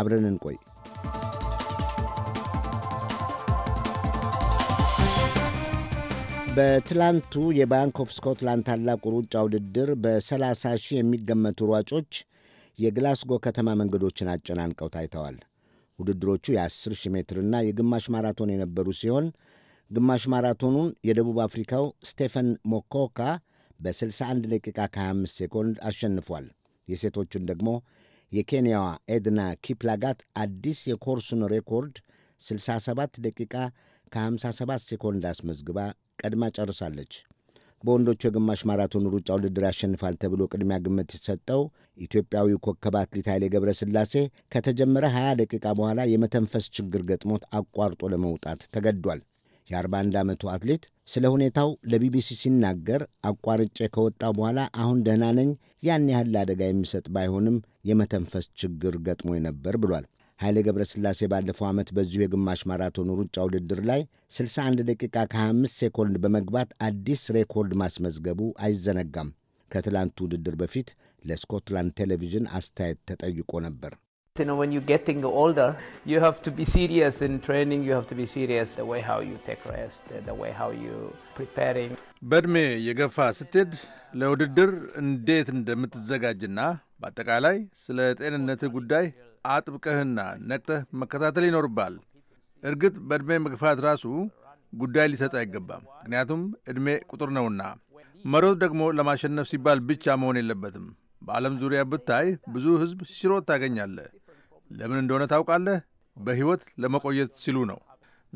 አብረን እንቆይ። በትላንቱ የባንክ ኦፍ ስኮትላንድ ታላቁ ሩጫ ውድድር በ30 ሺህ የሚገመቱ ሯጮች የግላስጎ ከተማ መንገዶችን አጨናንቀው ታይተዋል። ውድድሮቹ የ10 ሺህ ሜትርና የግማሽ ማራቶን የነበሩ ሲሆን ግማሽ ማራቶኑን የደቡብ አፍሪካው ስቴፈን ሞኮካ በ61 ደቂቃ ከ25 ሴኮንድ አሸንፏል። የሴቶቹን ደግሞ የኬንያዋ ኤድና ኪፕላጋት አዲስ የኮርሱን ሬኮርድ 67 ደቂቃ ከ57 ሴኮንድ አስመዝግባ ቀድማ ጨርሳለች። በወንዶቹ የግማሽ ማራቶን ሩጫ ውድድር ያሸንፋል ተብሎ ቅድሚያ ግምት የተሰጠው ኢትዮጵያዊው ኮከብ አትሌት ኃይሌ ገብረ ሥላሴ ከተጀመረ 20 ደቂቃ በኋላ የመተንፈስ ችግር ገጥሞት አቋርጦ ለመውጣት ተገዷል። የ41 ዓመቱ አትሌት ስለ ሁኔታው ለቢቢሲ ሲናገር አቋርጬ ከወጣ በኋላ አሁን ደህና ነኝ፣ ያን ያህል ለአደጋ የሚሰጥ ባይሆንም የመተንፈስ ችግር ገጥሞ ነበር ብሏል። ኃይሌ ሥላሴ ባለፈው ዓመት በዚሁ የግማሽ ማራቶን ሩጫ ውድድር ላይ 61 ደቂቃ ከ25 ሴኮንድ በመግባት አዲስ ሬኮርድ ማስመዝገቡ አይዘነጋም። ከትላንቱ ውድድር በፊት ለስኮትላንድ ቴሌቪዥን አስተያየት ተጠይቆ ነበር። በዕድሜ የገፋ ስትሄድ ለውድድር እንዴት እንደምትዘጋጅና በአጠቃላይ ስለ ጤንነትህ ጉዳይ አጥብቀህና ነቅተህ መከታተል ይኖርባል። እርግጥ በዕድሜ መግፋት ራሱ ጉዳይ ሊሰጥ አይገባም፣ ምክንያቱም ዕድሜ ቁጥር ነውና። መሮጥ ደግሞ ለማሸነፍ ሲባል ብቻ መሆን የለበትም። በዓለም ዙሪያ ብታይ ብዙ ሕዝብ ሲሮጥ ታገኛለህ። ለምን እንደሆነ ታውቃለህ? በሕይወት ለመቆየት ሲሉ ነው።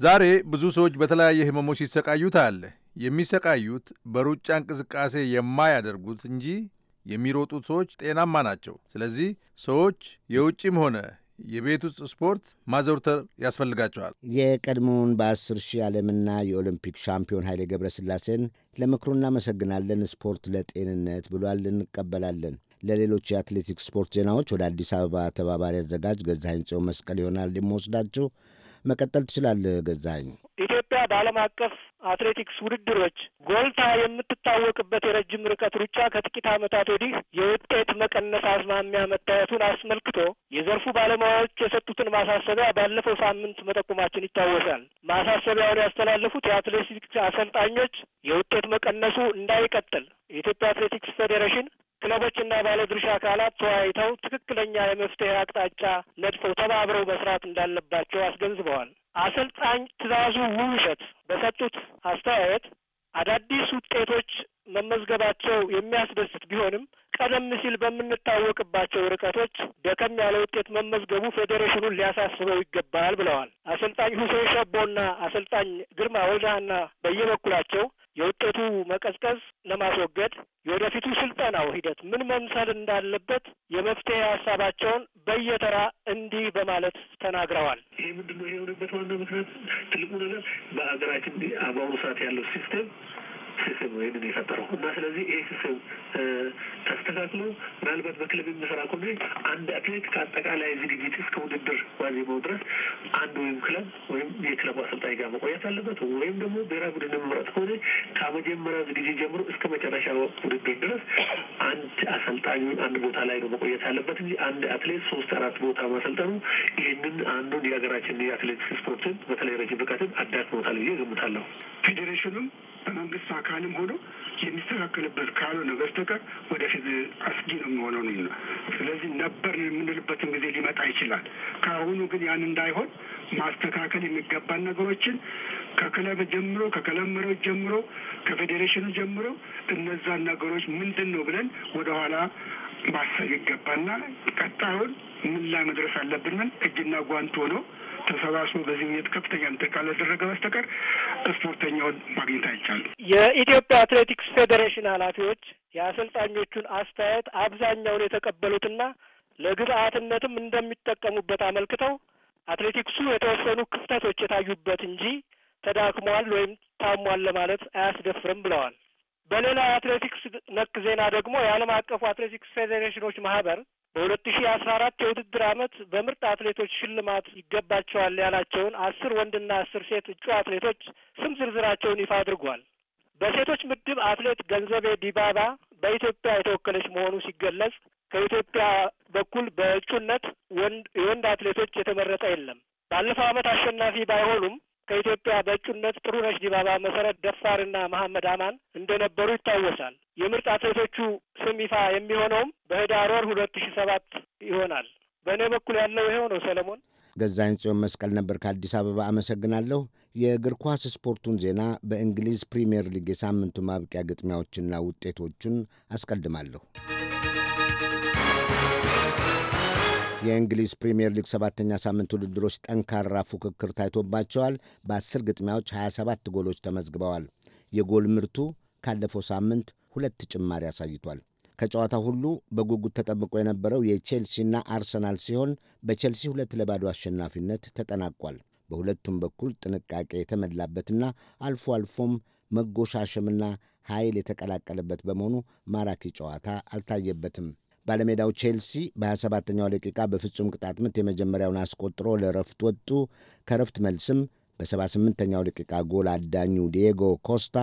ዛሬ ብዙ ሰዎች በተለያየ ህመሞች ሲሰቃዩ ታያለህ። የሚሰቃዩት በሩጫ እንቅስቃሴ የማያደርጉት እንጂ የሚሮጡት ሰዎች ጤናማ ናቸው። ስለዚህ ሰዎች የውጭም ሆነ የቤት ውስጥ ስፖርት ማዘውተር ያስፈልጋቸዋል። የቀድሞውን በአስር ሺህ ዓለምና የኦሎምፒክ ሻምፒዮን ኃይሌ ገብረስላሴን ለምክሩ እናመሰግናለን። ስፖርት ለጤንነት ብሏል፣ እንቀበላለን። ለሌሎች የአትሌቲክስ ስፖርት ዜናዎች ወደ አዲስ አበባ ተባባሪ አዘጋጅ ገዛኸኝ ጽዮን መስቀል ይሆናል የምወስዳችሁ። መቀጠል ትችላለህ ገዛኸኝ። ኢትዮጵያ በዓለም አቀፍ አትሌቲክስ ውድድሮች ጎልታ የምትታወቅበት የረጅም ርቀት ሩጫ ከጥቂት ዓመታት ወዲህ የውጤት መቀነስ አዝማሚያ መታየቱን አስመልክቶ የዘርፉ ባለሙያዎች የሰጡትን ማሳሰቢያ ባለፈው ሳምንት መጠቆማችን ይታወሳል። ማሳሰቢያውን ያስተላለፉት የአትሌቲክስ አሰልጣኞች የውጤት መቀነሱ እንዳይቀጥል የኢትዮጵያ አትሌቲክስ ፌዴሬሽን ክለቦችና ባለ ድርሻ አካላት ተወያይተው ትክክለኛ የመፍትሄ አቅጣጫ ነድፈው ተባብረው መስራት እንዳለባቸው አስገንዝበዋል። አሰልጣኝ ትእዛዙ ውብሸት በሰጡት አስተያየት አዳዲስ ውጤቶች መመዝገባቸው የሚያስደስት ቢሆንም ቀደም ሲል በምንታወቅባቸው ርቀቶች ደከም ያለ ውጤት መመዝገቡ ፌዴሬሽኑን ሊያሳስበው ይገባል ብለዋል። አሰልጣኝ ሁሴን ሸቦና አሰልጣኝ ግርማ ወልዳህና በየበኩላቸው የውጤቱ መቀዝቀዝ ለማስወገድ የወደፊቱ ስልጠናው ሂደት ምን መምሰል እንዳለበት የመፍትሄ ሀሳባቸውን በየተራ እንዲህ በማለት ተናግረዋል። ይህ ምንድነው የሆነበት ዋና ምክንያት ትልቁ ነገር በሀገራችን አሁኑ ሰዓት ያለው ሲስተም ሲስተም ነው ይህንን የፈጠረው እና ስለዚህ ይህ ሲስተም ተስተካክሎ ምናልባት በክለብ የሚሰራ ከሆነ አንድ አትሌት ከአጠቃላይ ዝግጅት እስከ ውድድር ዋዜማው ድረስ አንድ ወይም ክለብ ወይም የክለቡ አሰልጣኝ ጋር መቆየት አለበት ወይም ደግሞ ብሔራዊ ቡድን መምራት ከሆነ ከመጀመሪያ ዝግጅት ጀምሮ እስከ መጨረሻ ውድድር ድረስ አንድ አሰልጣኝ አንድ ቦታ ላይ ነው መቆየት አለበት እንጂ አንድ አትሌት ሶስት አራት ቦታ ማሰልጠኑ ይህንን አንዱን የሀገራችን የአትሌቲክስ ስፖርትን በተለይ ረጅም ርቀትን አዳክሞታል ብዬ እገምታለሁ። ፌዴሬሽኑም በመንግስት አካልም ሆኖ የሚስተካከልበት ካልሆነ በስተቀር ወደፊት አስጊ ነው የሚሆነው ነው። ስለዚህ ነበር የምንልበትን ጊዜ ሊመጣ ይችላል። ከአሁኑ ግን ያን እንዳይሆን ማስተካከል የሚገባን ነገሮችን ከክለብ ጀምሮ ከክለብ መሪዎች ጀምሮ ከፌዴሬሽኑ ጀምሮ እነዛን ነገሮች ምንድን ነው ብለን ወደኋላ ማሰብ ይገባና ቀጣዩን ምን ላይ መድረስ አለብን እጅና ጓንት ሆነው ተሰባስቦ በዚህ ከፍተኛ ምትር ካላደረገ በስተቀር ስፖርተኛውን ማግኘት አይቻልም። የኢትዮጵያ አትሌቲክስ ፌዴሬሽን ኃላፊዎች የአሰልጣኞቹን አስተያየት አብዛኛውን የተቀበሉትና ለግብአትነትም እንደሚጠቀሙበት አመልክተው አትሌቲክሱ የተወሰኑ ክፍተቶች የታዩበት እንጂ ተዳክሟል ወይም ታሟል ለማለት አያስደፍርም ብለዋል። በሌላ የአትሌቲክስ ነክ ዜና ደግሞ የዓለም አቀፉ አትሌቲክስ ፌዴሬሽኖች ማህበር በሁለት ሺ አስራ አራት የውድድር አመት በምርጥ አትሌቶች ሽልማት ይገባቸዋል ያላቸውን አስር ወንድና አስር ሴት እጩ አትሌቶች ስም ዝርዝራቸውን ይፋ አድርጓል። በሴቶች ምድብ አትሌት ገንዘቤ ዲባባ በኢትዮጵያ የተወከለች መሆኑ ሲገለጽ ከኢትዮጵያ በኩል በእጩነት ወንድ የወንድ አትሌቶች የተመረጠ የለም። ባለፈው አመት አሸናፊ ባይሆኑም ከኢትዮጵያ በእጩነት ጥሩነሽ ዲባባ፣ መሰረት ደፋርና መሐመድ አማን እንደነበሩ ይታወሳል። የምርጥ አትሌቶቹ ስም ይፋ የሚሆነውም በህዳር ወር ሁለት ሺ ሰባት ይሆናል። በእኔ በኩል ያለው ይኸው ነው። ሰለሞን ገዛኝ ጽዮን መስቀል ነበር ከአዲስ አበባ አመሰግናለሁ። የእግር ኳስ ስፖርቱን ዜና በእንግሊዝ ፕሪምየር ሊግ የሳምንቱ ማብቂያ ግጥሚያዎችና ውጤቶቹን አስቀድማለሁ። የእንግሊዝ ፕሪምየር ሊግ ሰባተኛ ሳምንት ውድድሮች ጠንካራ ፉክክር ታይቶባቸዋል። በአስር ግጥሚያዎች 27 ጎሎች ተመዝግበዋል። የጎል ምርቱ ካለፈው ሳምንት ሁለት ጭማሪ አሳይቷል። ከጨዋታ ሁሉ በጉጉት ተጠብቆ የነበረው የቼልሲና አርሰናል ሲሆን በቼልሲ ሁለት ለባዶ አሸናፊነት ተጠናቋል። በሁለቱም በኩል ጥንቃቄ የተመላበትና አልፎ አልፎም መጎሻሸምና ኃይል የተቀላቀለበት በመሆኑ ማራኪ ጨዋታ አልታየበትም። ባለሜዳው ቼልሲ በ27ኛው ደቂቃ በፍጹም ቅጣት ምት የመጀመሪያውን አስቆጥሮ ለረፍት ወጡ። ከረፍት መልስም በ78ኛው ደቂቃ ጎል አዳኙ ዲዬጎ ኮስታ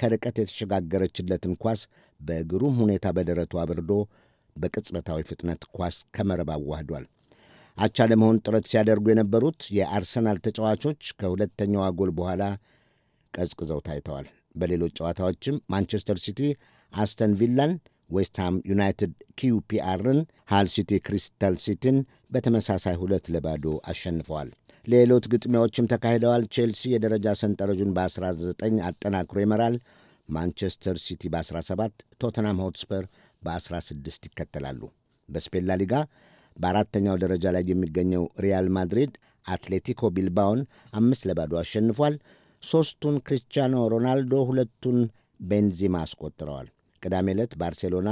ከርቀት የተሸጋገረችለትን ኳስ በግሩም ሁኔታ በደረቱ አብርዶ በቅጽበታዊ ፍጥነት ኳስ ከመረብ አዋህዷል። አቻ ለመሆን ጥረት ሲያደርጉ የነበሩት የአርሰናል ተጫዋቾች ከሁለተኛዋ ጎል በኋላ ቀዝቅዘው ታይተዋል። በሌሎች ጨዋታዎችም ማንቸስተር ሲቲ አስተን ቪላን ዌስትሃም ዩናይትድ ኪዩፒአርን፣ ሃል ሲቲ ክሪስታል ሲቲን በተመሳሳይ ሁለት ለባዶ አሸንፈዋል። ሌሎች ግጥሚያዎችም ተካሂደዋል። ቼልሲ የደረጃ ሰንጠረዡን በ19 አጠናክሮ ይመራል። ማንቸስተር ሲቲ በ17፣ ቶተናም ሆትስፐር በ16 ይከተላሉ። በስፔን ላሊጋ በአራተኛው ደረጃ ላይ የሚገኘው ሪያል ማድሪድ አትሌቲኮ ቢልባውን አምስት ለባዶ አሸንፏል። ሦስቱን ክሪስቲያኖ ሮናልዶ፣ ሁለቱን ቤንዚማ አስቆጥረዋል። ቅዳሜ ዕለት ባርሴሎና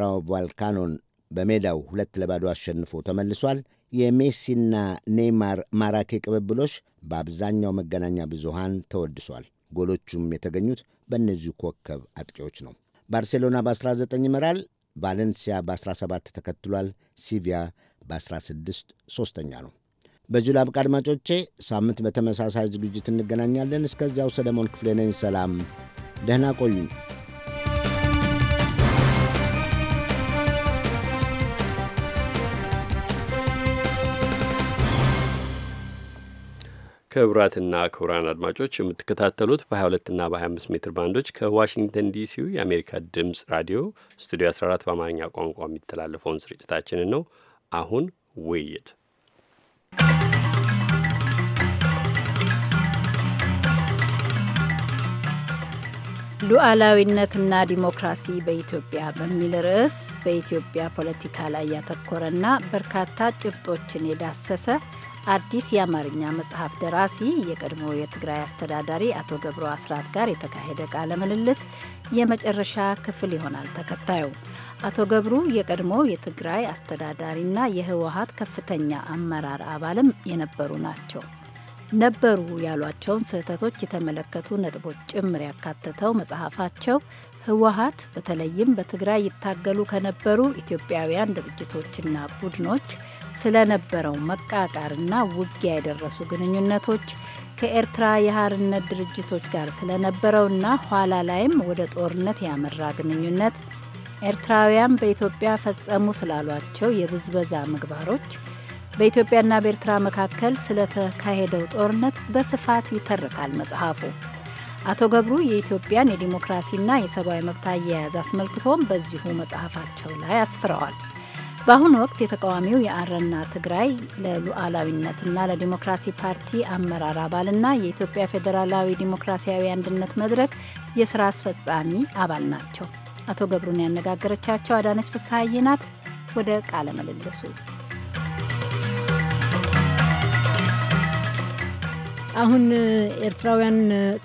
ራው ቫልካኖን በሜዳው ሁለት ለባዶ አሸንፎ ተመልሷል። የሜሲና ኔይማር ማራኪ ቅብብሎች በአብዛኛው መገናኛ ብዙሃን ተወድሷል። ጎሎቹም የተገኙት በእነዚሁ ኮከብ አጥቂዎች ነው። ባርሴሎና በ19 ይመራል። ቫለንሲያ በ17 ተከትሏል። ሲቪያ በ16 ሦስተኛ ነው። በዚሁ ላብቃ አድማጮቼ። ሳምንት በተመሳሳይ ዝግጅት እንገናኛለን። እስከዚያው ሰለሞን ክፍሌ ነኝ። ሰላም፣ ደህና ቆዩኝ። ክቡራትና ክቡራን አድማጮች የምትከታተሉት በ22ና በ25 ሜትር ባንዶች ከዋሽንግተን ዲሲው የአሜሪካ ድምፅ ራዲዮ ስቱዲዮ 14 በአማርኛ ቋንቋ የሚተላለፈውን ስርጭታችንን ነው። አሁን ውይይት ሉዓላዊነትና ዲሞክራሲ በኢትዮጵያ በሚል ርዕስ በኢትዮጵያ ፖለቲካ ላይ ያተኮረና በርካታ ጭብጦችን የዳሰሰ አዲስ የአማርኛ መጽሐፍ ደራሲ የቀድሞ የትግራይ አስተዳዳሪ አቶ ገብሩ አስራት ጋር የተካሄደ ቃለ ምልልስ የመጨረሻ ክፍል ይሆናል ተከታዩ። አቶ ገብሩ የቀድሞ የትግራይ አስተዳዳሪና የህወሀት ከፍተኛ አመራር አባልም የነበሩ ናቸው። ነበሩ ያሏቸውን ስህተቶች የተመለከቱ ነጥቦች ጭምር ያካተተው መጽሐፋቸው ህወሀት በተለይም በትግራይ ይታገሉ ከነበሩ ኢትዮጵያውያን ድርጅቶችና ቡድኖች ስለነበረው መቃቃርና ውጊያ የደረሱ ግንኙነቶች ከኤርትራ የሀርነት ድርጅቶች ጋር ስለነበረውና ኋላ ላይም ወደ ጦርነት ያመራ ግንኙነት ኤርትራውያን በኢትዮጵያ ፈጸሙ ስላሏቸው የብዝበዛ ምግባሮች በኢትዮጵያና በኤርትራ መካከል ስለተካሄደው ጦርነት በስፋት ይተርካል መጽሐፉ። አቶ ገብሩ የኢትዮጵያን የዲሞክራሲና የሰብአዊ መብት አያያዝ አስመልክቶም በዚሁ መጽሐፋቸው ላይ አስፍረዋል። በአሁኑ ወቅት የተቃዋሚው የአረና ትግራይ ለሉዓላዊነትና ለዲሞክራሲ ፓርቲ አመራር አባልና የኢትዮጵያ ፌዴራላዊ ዲሞክራሲያዊ አንድነት መድረክ የስራ አስፈጻሚ አባል ናቸው። አቶ ገብሩን ያነጋገረቻቸው አዳነች ፍስሐዬ ናት። ወደ ቃለ መልልሱ አሁን ኤርትራውያን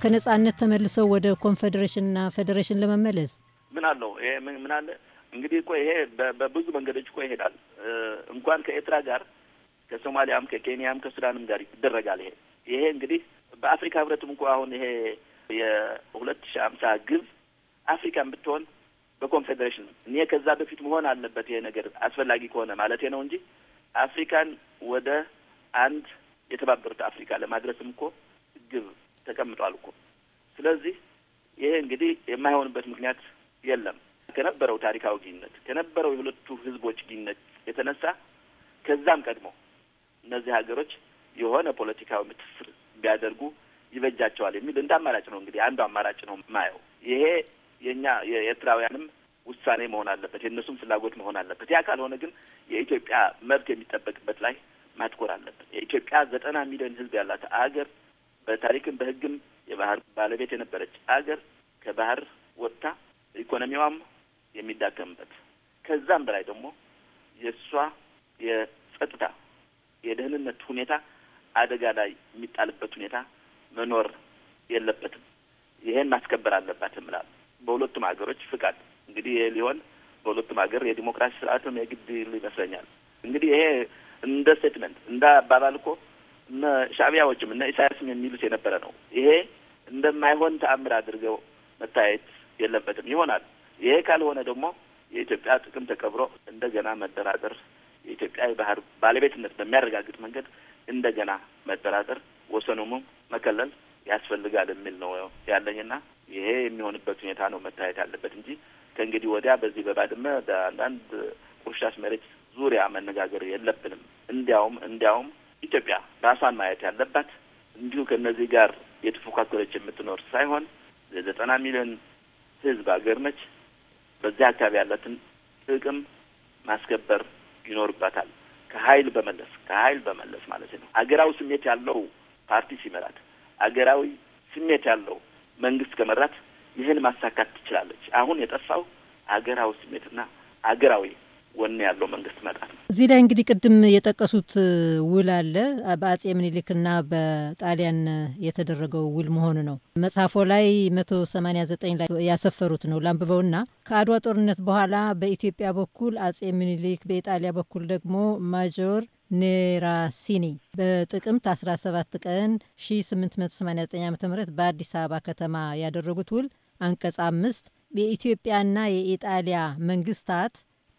ከነጻነት ተመልሰው ወደ ኮንፌዴሬሽንና ፌዴሬሽን ለመመለስ ምን አለው? ምን አለ እንግዲህ እኮ ይሄ በብዙ መንገዶች እኮ ይሄዳል። እንኳን ከኤርትራ ጋር ከሶማሊያም ከኬንያም ከሱዳንም ጋር ይደረጋል። ይሄ ይሄ እንግዲህ በአፍሪካ ህብረትም እኮ አሁን ይሄ የሁለት ሺ አምሳ ግብ አፍሪካን ብትሆን በኮንፌዴሬሽን እኔ ከዛ በፊት መሆን አለበት ይሄ ነገር አስፈላጊ ከሆነ ማለት ነው እንጂ አፍሪካን ወደ አንድ የተባበሩት አፍሪካ ለማድረስም እኮ ግብ ተቀምጧል እኮ። ስለዚህ ይሄ እንግዲህ የማይሆንበት ምክንያት የለም። ከነበረው ታሪካዊ ግንኙነት ከነበረው የሁለቱ ህዝቦች ግንኙነት የተነሳ ከዛም ቀድሞ እነዚህ ሀገሮች የሆነ ፖለቲካዊ ምትስር ቢያደርጉ ይበጃቸዋል የሚል እንደ አማራጭ ነው እንግዲህ አንዱ አማራጭ ነው ማየው። ይሄ የእኛ የኤርትራውያንም ውሳኔ መሆን አለበት፣ የእነሱም ፍላጎት መሆን አለበት። ያ ካልሆነ ግን የኢትዮጵያ መብት የሚጠበቅበት ላይ ማትኮር አለበት። የኢትዮጵያ ዘጠና ሚሊዮን ህዝብ ያላት አገር በታሪክም በህግም የባህር ባለቤት የነበረች አገር ከባህር ወጥታ ኢኮኖሚዋም የሚዳከምበት ከዛም በላይ ደግሞ የእሷ የጸጥታ የደህንነት ሁኔታ አደጋ ላይ የሚጣልበት ሁኔታ መኖር የለበትም። ይሄን ማስከበር አለባት ምላል በሁለቱም ሀገሮች ፍቃድ እንግዲህ ይሄ ሊሆን በሁለቱም ሀገር የዲሞክራሲ ስርዓትም የግድ ይመስለኛል። እንግዲህ ይሄ እንደ ስቴትመንት እንደ አባባል እኮ እነ ሻዕቢያዎችም እነ ኢሳያስም የሚሉት የነበረ ነው። ይሄ እንደማይሆን ተአምር አድርገው መታየት የለበትም። ይሆናል ይሄ ካልሆነ ደግሞ የኢትዮጵያ ጥቅም ተከብሮ እንደገና መደራደር የኢትዮጵያ የባህር ባለቤትነት በሚያረጋግጥ መንገድ እንደገና መደራደር ወሰኑም መከለል ያስፈልጋል የሚል ነው ያለኝና ይሄ የሚሆንበት ሁኔታ ነው መታየት ያለበት እንጂ ከእንግዲህ ወዲያ በዚህ በባድመ በአንዳንድ ቁርሻሽ መሬት ዙሪያ መነጋገር የለብንም። እንዲያውም እንዲያውም ኢትዮጵያ ራሷን ማየት ያለባት እንዲሁ ከእነዚህ ጋር የተፎካከረች የምትኖር ሳይሆን ዘጠና ሚሊዮን ህዝብ ሀገር ነች። በዚያ አካባቢ ያላትን ጥቅም ማስከበር ይኖርባታል። ከሀይል በመለስ ከሀይል በመለስ ማለት ነው። አገራዊ ስሜት ያለው ፓርቲ ሲመራት፣ አገራዊ ስሜት ያለው መንግስት ከመራት ይህን ማሳካት ትችላለች። አሁን የጠፋው አገራዊ ስሜትና አገራዊ ወን ያለው መንግስት መጣት ነው። እዚህ ላይ እንግዲህ ቅድም የጠቀሱት ውል አለ በአጼ ምኒልክና በጣሊያን የተደረገው ውል መሆኑ ነው። መጽሐፎ ላይ መቶ ሰማኒያ ዘጠኝ ላይ ያሰፈሩት ነው ላንብበውና ከአድዋ ጦርነት በኋላ በኢትዮጵያ በኩል አጼ ምኒልክ በኢጣሊያ በኩል ደግሞ ማጆር ኔራሲኒ በጥቅምት 17 ቀን 1889 ዓ ም በአዲስ አበባ ከተማ ያደረጉት ውል አንቀጽ አምስት የኢትዮጵያና የኢጣሊያ መንግስታት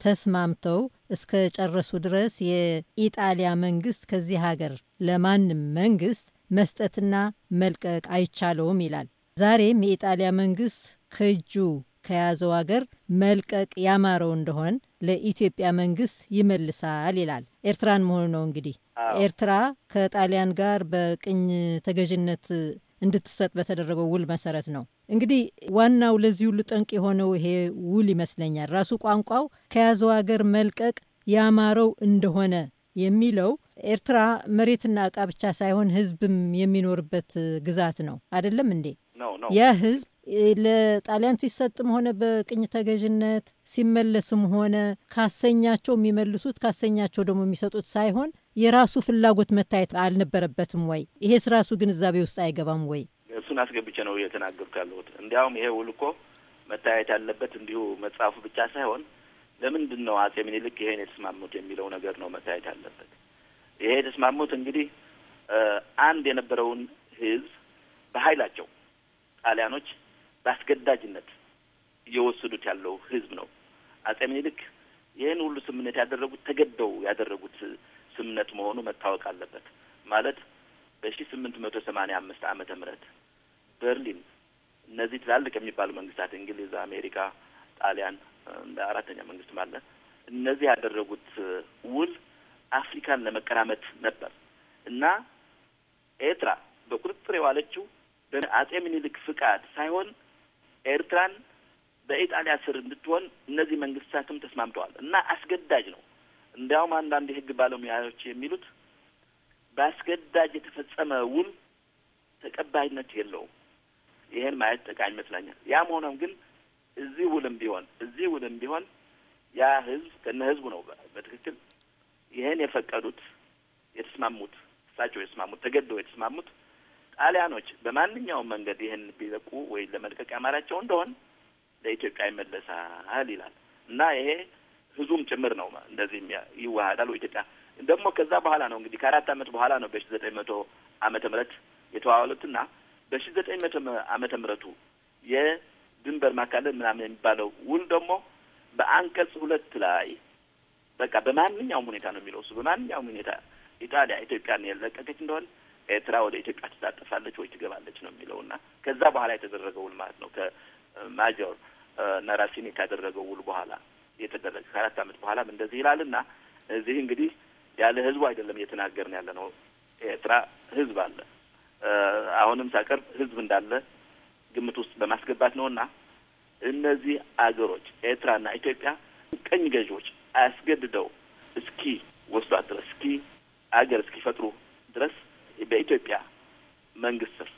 ተስማምተው እስከ ጨረሱ ድረስ የኢጣሊያ መንግስት ከዚህ ሀገር ለማንም መንግስት መስጠትና መልቀቅ አይቻለውም ይላል። ዛሬም የኢጣሊያ መንግስት ከእጁ ከያዘው አገር መልቀቅ ያማረው እንደሆን ለኢትዮጵያ መንግስት ይመልሳል ይላል። ኤርትራን መሆኑ ነው እንግዲህ ኤርትራ ከጣሊያን ጋር በቅኝ ተገዥነት እንድትሰጥ በተደረገው ውል መሰረት ነው። እንግዲህ ዋናው ለዚህ ሁሉ ጠንቅ የሆነው ይሄ ውል ይመስለኛል። ራሱ ቋንቋው ከያዘው ሀገር መልቀቅ ያማረው እንደሆነ የሚለው ኤርትራ መሬትና እቃ ብቻ ሳይሆን ሕዝብም የሚኖርበት ግዛት ነው አይደለም እንዴ? ያ ህዝብ ለጣሊያን ሲሰጥም ሆነ በቅኝ ተገዥነት ሲመለስም ሆነ ካሰኛቸው የሚመልሱት ካሰኛቸው ደግሞ የሚሰጡት ሳይሆን የራሱ ፍላጎት መታየት አልነበረበትም ወይ? ይሄስ ራሱ ግንዛቤ ውስጥ አይገባም ወይ? እሱን አስገብቼ ነው እየተናገርኩ ያለሁት። እንዲያውም ይሄ ውል እኮ መታየት ያለበት እንዲሁ መጽሐፉ ብቻ ሳይሆን ለምንድን ነው አጼ ምኒልክ ይሄን የተስማሙት የሚለው ነገር ነው መታየት ያለበት። ይሄ የተስማሙት እንግዲህ አንድ የነበረውን ህዝብ በኃይላቸው ጣሊያኖች በአስገዳጅነት እየወሰዱት ያለው ህዝብ ነው። አጼ ምኒልክ ይህን ሁሉ ስምምነት ያደረጉት ተገደው ያደረጉት ስምምነት መሆኑ መታወቅ አለበት። ማለት በሺ ስምንት መቶ ሰማኒያ አምስት ዓመተ ምህረት በርሊን እነዚህ ትላልቅ የሚባሉ መንግስታት እንግሊዝ፣ አሜሪካ፣ ጣሊያን እንደ አራተኛ መንግስትም አለ። እነዚህ ያደረጉት ውል አፍሪካን ለመቀራመት ነበር እና ኤርትራ በቁጥጥር የዋለችው በአጼ ምኒልክ ፍቃድ ሳይሆን ኤርትራን በኢጣሊያ ስር እንድትሆን እነዚህ መንግስታትም ተስማምተዋል እና አስገዳጅ ነው። እንዲያውም አንዳንድ የህግ ባለሙያዎች የሚሉት በአስገዳጅ የተፈጸመ ውል ተቀባይነት የለውም። ይሄን ማየት ጠቃሚ ይመስለኛል። ያም ሆኖም ግን እዚህ ውልም ቢሆን እዚህ ውልም ቢሆን ያ ህዝብ ከነ ህዝቡ ነው በትክክል ይሄን የፈቀዱት የተስማሙት እሳቸው የተስማሙት ተገደው የተስማሙት ጣሊያኖች በማንኛውም መንገድ ይህን ቢለቁ ወይ ለመልቀቅ ያማራቸው እንደሆን ለኢትዮጵያ ይመለሳል ይላል እና ይሄ ህዝቡም ጭምር ነው እንደዚህ ይዋሃዳል። ኢትዮጵያ ደግሞ ከዛ በኋላ ነው እንግዲህ ከአራት አመት በኋላ ነው በሺ ዘጠኝ መቶ አመተ ምህረት የተዋዋሉትና በሺ ዘጠኝ መቶ አመተ ምህረቱ የድንበር ማካለል ምናምን የሚባለው ውል ደግሞ በአንቀጽ ሁለት ላይ በቃ በማንኛውም ሁኔታ ነው የሚለው እሱ በማንኛውም ሁኔታ ኢጣሊያ ኢትዮጵያን የለቀቀች እንደሆን ኤርትራ ወደ ኢትዮጵያ ትታጠፋለች ወይ ትገባለች ነው የሚለው እና ከዛ በኋላ የተደረገው ውል ማለት ነው ከማጆር ነራሲኒ ካደረገው ውል በኋላ የተደረገ ከአራት ዓመት በኋላም እንደዚህ ይላል እና እዚህ እንግዲህ ያለ ህዝቡ አይደለም እየተናገርን ያለ ነው። ኤርትራ ህዝብ አለ። አሁንም ሳቀርብ ህዝብ እንዳለ ግምት ውስጥ በማስገባት ነው እና እነዚህ አገሮች ኤርትራና ኢትዮጵያ ቀኝ ገዢዎች አያስገድደው እስኪ ወስዷት ድረስ እስኪ አገር እስኪፈጥሩ ድረስ በኢትዮጵያ መንግስት ስር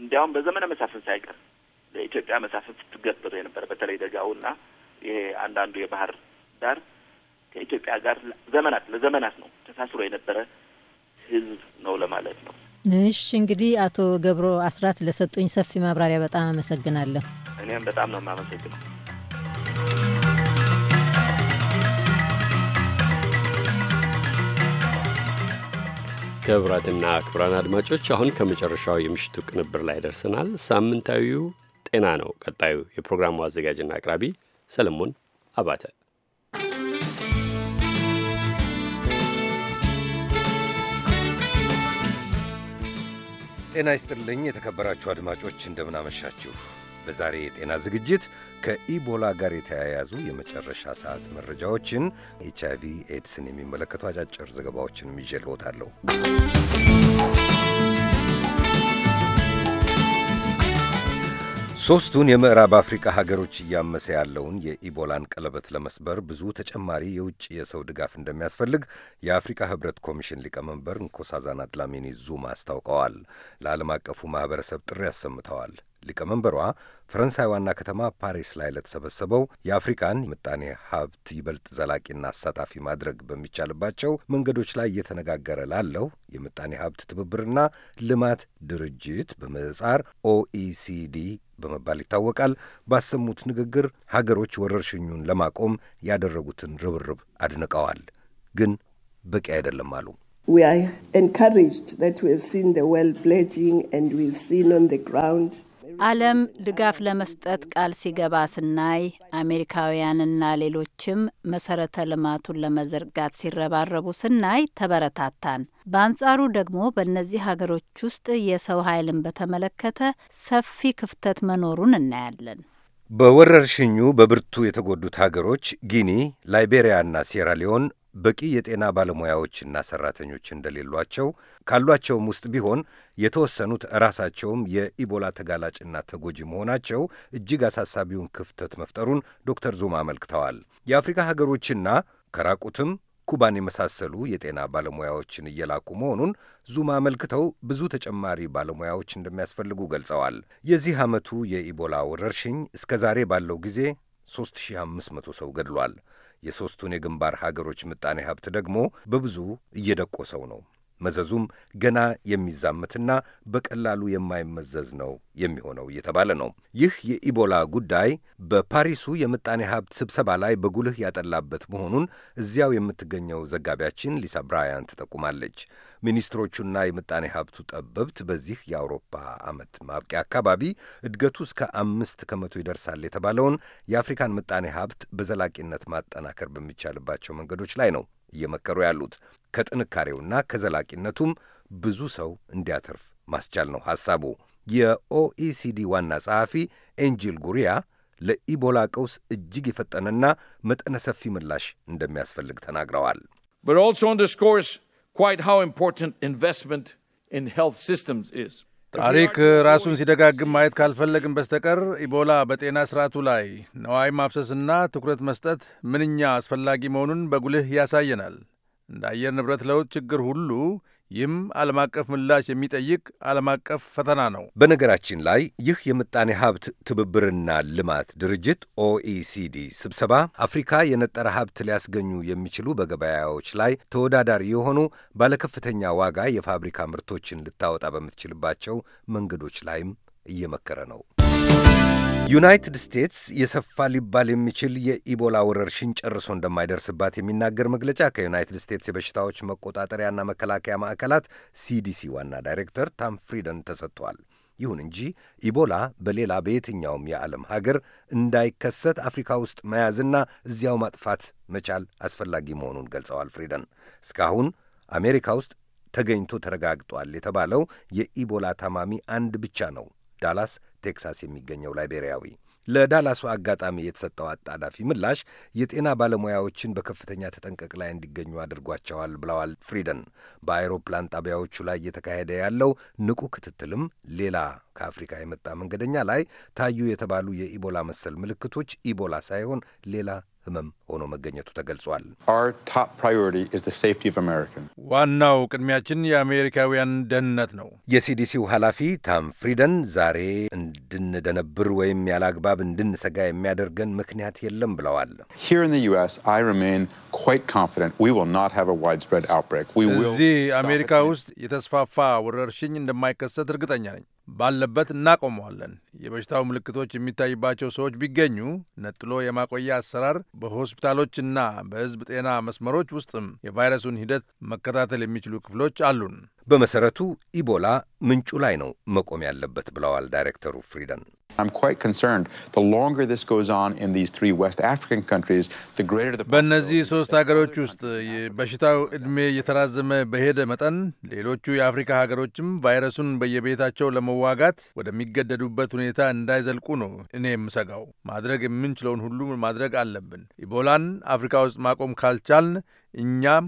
እንዲያውም በዘመነ መሳፍንት ሳይቀር ለኢትዮጵያ መሳፍንት ስትገብር የነበረ በተለይ ደጋውና ይሄ አንዳንዱ የባህር ዳር ከኢትዮጵያ ጋር ዘመናት ለዘመናት ነው ተሳስሮ የነበረ ህዝብ ነው ለማለት ነው። እሺ እንግዲህ አቶ ገብሮ አስራት ለሰጡኝ ሰፊ ማብራሪያ በጣም አመሰግናለሁ። እኔም በጣም ነው የማመሰግነው። ክቡራትና ክቡራን አድማጮች አሁን ከመጨረሻው የምሽቱ ቅንብር ላይ ደርሰናል። ሳምንታዊው ጤና ነው ቀጣዩ። የፕሮግራሙ አዘጋጅና አቅራቢ ሰለሞን አባተ። ጤና ይስጥልኝ የተከበራችሁ አድማጮች እንደምናመሻችሁ። በዛሬ የጤና ዝግጅት ከኢቦላ ጋር የተያያዙ የመጨረሻ ሰዓት መረጃዎችን፣ ኤች አይቪ ኤድስን የሚመለከቱ አጫጭር ዘገባዎችንም ይዤ ሦስቱን የምዕራብ አፍሪካ ሀገሮች እያመሰ ያለውን የኢቦላን ቀለበት ለመስበር ብዙ ተጨማሪ የውጭ የሰው ድጋፍ እንደሚያስፈልግ የአፍሪካ ሕብረት ኮሚሽን ሊቀመንበር ንኮሳዛና ድላሚኒ ዙማ አስታውቀዋል። ለዓለም አቀፉ ማኅበረሰብ ጥሪ አሰምተዋል። ሊቀመንበሯ ፈረንሳይ ዋና ከተማ ፓሪስ ላይ ለተሰበሰበው የአፍሪካን ምጣኔ ሀብት ይበልጥ ዘላቂና አሳታፊ ማድረግ በሚቻልባቸው መንገዶች ላይ እየተነጋገረ ላለው የምጣኔ ሀብት ትብብርና ልማት ድርጅት በምህጻር ኦኢሲዲ በመባል ይታወቃል። ባሰሙት ንግግር ሀገሮች ወረርሽኙን ለማቆም ያደረጉትን ርብርብ አድንቀዋል። ግን በቂ አይደለም አሉ። We are encouraged that we have seen the world pledging and we've seen on the ground ዓለም ድጋፍ ለመስጠት ቃል ሲገባ ስናይ አሜሪካውያንና ሌሎችም መሰረተ ልማቱን ለመዘርጋት ሲረባረቡ ስናይ ተበረታታን። በአንጻሩ ደግሞ በእነዚህ ሀገሮች ውስጥ የሰው ኃይልን በተመለከተ ሰፊ ክፍተት መኖሩን እናያለን። በወረርሽኙ በብርቱ የተጎዱት ሀገሮች ጊኒ፣ ላይቤሪያና ሴራሊዮን በቂ የጤና ባለሙያዎችና ሰራተኞች እንደሌሏቸው ካሏቸውም ውስጥ ቢሆን የተወሰኑት ራሳቸውም የኢቦላ ተጋላጭና ተጎጂ መሆናቸው እጅግ አሳሳቢውን ክፍተት መፍጠሩን ዶክተር ዙማ አመልክተዋል። የአፍሪካ ሀገሮችና ከራቁትም ኩባን የመሳሰሉ የጤና ባለሙያዎችን እየላኩ መሆኑን ዙማ አመልክተው ብዙ ተጨማሪ ባለሙያዎች እንደሚያስፈልጉ ገልጸዋል። የዚህ ዓመቱ የኢቦላ ወረርሽኝ እስከ ዛሬ ባለው ጊዜ 3500 ሰው ገድሏል። የሦስቱን የግንባር ሀገሮች ምጣኔ ሀብት ደግሞ በብዙ እየደቆሰው ነው። መዘዙም ገና የሚዛመትና በቀላሉ የማይመዘዝ ነው የሚሆነው እየተባለ ነው። ይህ የኢቦላ ጉዳይ በፓሪሱ የምጣኔ ሀብት ስብሰባ ላይ በጉልህ ያጠላበት መሆኑን እዚያው የምትገኘው ዘጋቢያችን ሊሳ ብራያን ትጠቁማለች። ሚኒስትሮቹና የምጣኔ ሀብቱ ጠበብት በዚህ የአውሮፓ ዓመት ማብቂያ አካባቢ እድገቱ እስከ አምስት ከመቶ ይደርሳል የተባለውን የአፍሪካን ምጣኔ ሀብት በዘላቂነት ማጠናከር በሚቻልባቸው መንገዶች ላይ ነው እየመከሩ ያሉት። ከጥንካሬውና ከዘላቂነቱም ብዙ ሰው እንዲያተርፍ ማስቻል ነው ሐሳቡ። የኦኢሲዲ ዋና ጸሐፊ ኤንጂል ጉሪያ ለኢቦላ ቀውስ እጅግ የፈጠነና መጠነ ሰፊ ምላሽ እንደሚያስፈልግ ተናግረዋል። but also underscores quite how ታሪክ ራሱን ሲደጋግም ማየት ካልፈለግን በስተቀር ኢቦላ በጤና ስርዓቱ ላይ ነዋይ ማፍሰስና ትኩረት መስጠት ምንኛ አስፈላጊ መሆኑን በጉልህ ያሳየናል። እንደ አየር ንብረት ለውጥ ችግር ሁሉ ይህም ዓለም አቀፍ ምላሽ የሚጠይቅ ዓለም አቀፍ ፈተና ነው። በነገራችን ላይ ይህ የምጣኔ ሀብት ትብብርና ልማት ድርጅት ኦኢሲዲ ስብሰባ አፍሪካ የነጠረ ሀብት ሊያስገኙ የሚችሉ በገበያዎች ላይ ተወዳዳሪ የሆኑ ባለከፍተኛ ዋጋ የፋብሪካ ምርቶችን ልታወጣ በምትችልባቸው መንገዶች ላይም እየመከረ ነው። ዩናይትድ ስቴትስ የሰፋ ሊባል የሚችል የኢቦላ ወረርሽኝ ጨርሶ እንደማይደርስባት የሚናገር መግለጫ ከዩናይትድ ስቴትስ የበሽታዎች መቆጣጠሪያና መከላከያ ማዕከላት ሲዲሲ ዋና ዳይሬክተር ታም ፍሪደን ተሰጥቷል። ይሁን እንጂ ኢቦላ በሌላ በየትኛውም የዓለም ሀገር እንዳይከሰት አፍሪካ ውስጥ መያዝና እዚያው ማጥፋት መቻል አስፈላጊ መሆኑን ገልጸዋል። ፍሪደን እስካሁን አሜሪካ ውስጥ ተገኝቶ ተረጋግጧል የተባለው የኢቦላ ታማሚ አንድ ብቻ ነው። ዳላስ ቴክሳስ የሚገኘው ላይቤሪያዊ ለዳላሱ አጋጣሚ የተሰጠው አጣዳፊ ምላሽ የጤና ባለሙያዎችን በከፍተኛ ተጠንቀቅ ላይ እንዲገኙ አድርጓቸዋል ብለዋል ፍሪደን። በአውሮፕላን ጣቢያዎቹ ላይ እየተካሄደ ያለው ንቁ ክትትልም ሌላ ከአፍሪካ የመጣ መንገደኛ ላይ ታዩ የተባሉ የኢቦላ መሰል ምልክቶች ኢቦላ ሳይሆን ሌላ ህመም ሆኖ መገኘቱ ተገልጿል። ዋናው ቅድሚያችን የአሜሪካውያን ደህንነት ነው። የሲዲሲው ኃላፊ ታም ፍሪደን ዛሬ እንድንደነብር ወይም ያለ አግባብ እንድንሰጋ የሚያደርገን ምክንያት የለም ብለዋል። እዚህ አሜሪካ ውስጥ የተስፋፋ ወረርሽኝ እንደማይከሰት እርግጠኛ ነኝ። ባለበት እናቆመዋለን። የበሽታው ምልክቶች የሚታይባቸው ሰዎች ቢገኙ ነጥሎ የማቆያ አሰራር በሆስፒታሎችና በሕዝብ ጤና መስመሮች ውስጥም የቫይረሱን ሂደት መከታተል የሚችሉ ክፍሎች አሉን። በመሰረቱ ኢቦላ ምንጩ ላይ ነው መቆም ያለበት ብለዋል ዳይሬክተሩ ፍሪደን። በእነዚህ ሶስት ሀገሮች ውስጥ በሽታው ዕድሜ እየተራዘመ በሄደ መጠን ሌሎቹ የአፍሪካ ሀገሮችም ቫይረሱን በየቤታቸው ለመዋጋት ወደሚገደዱበት ሁኔታ ሁኔታ እንዳይዘልቁ ነው እኔ የምሰጋው። ማድረግ የምንችለውን ሁሉ ማድረግ አለብን። ኢቦላን አፍሪካ ውስጥ ማቆም ካልቻልን እኛም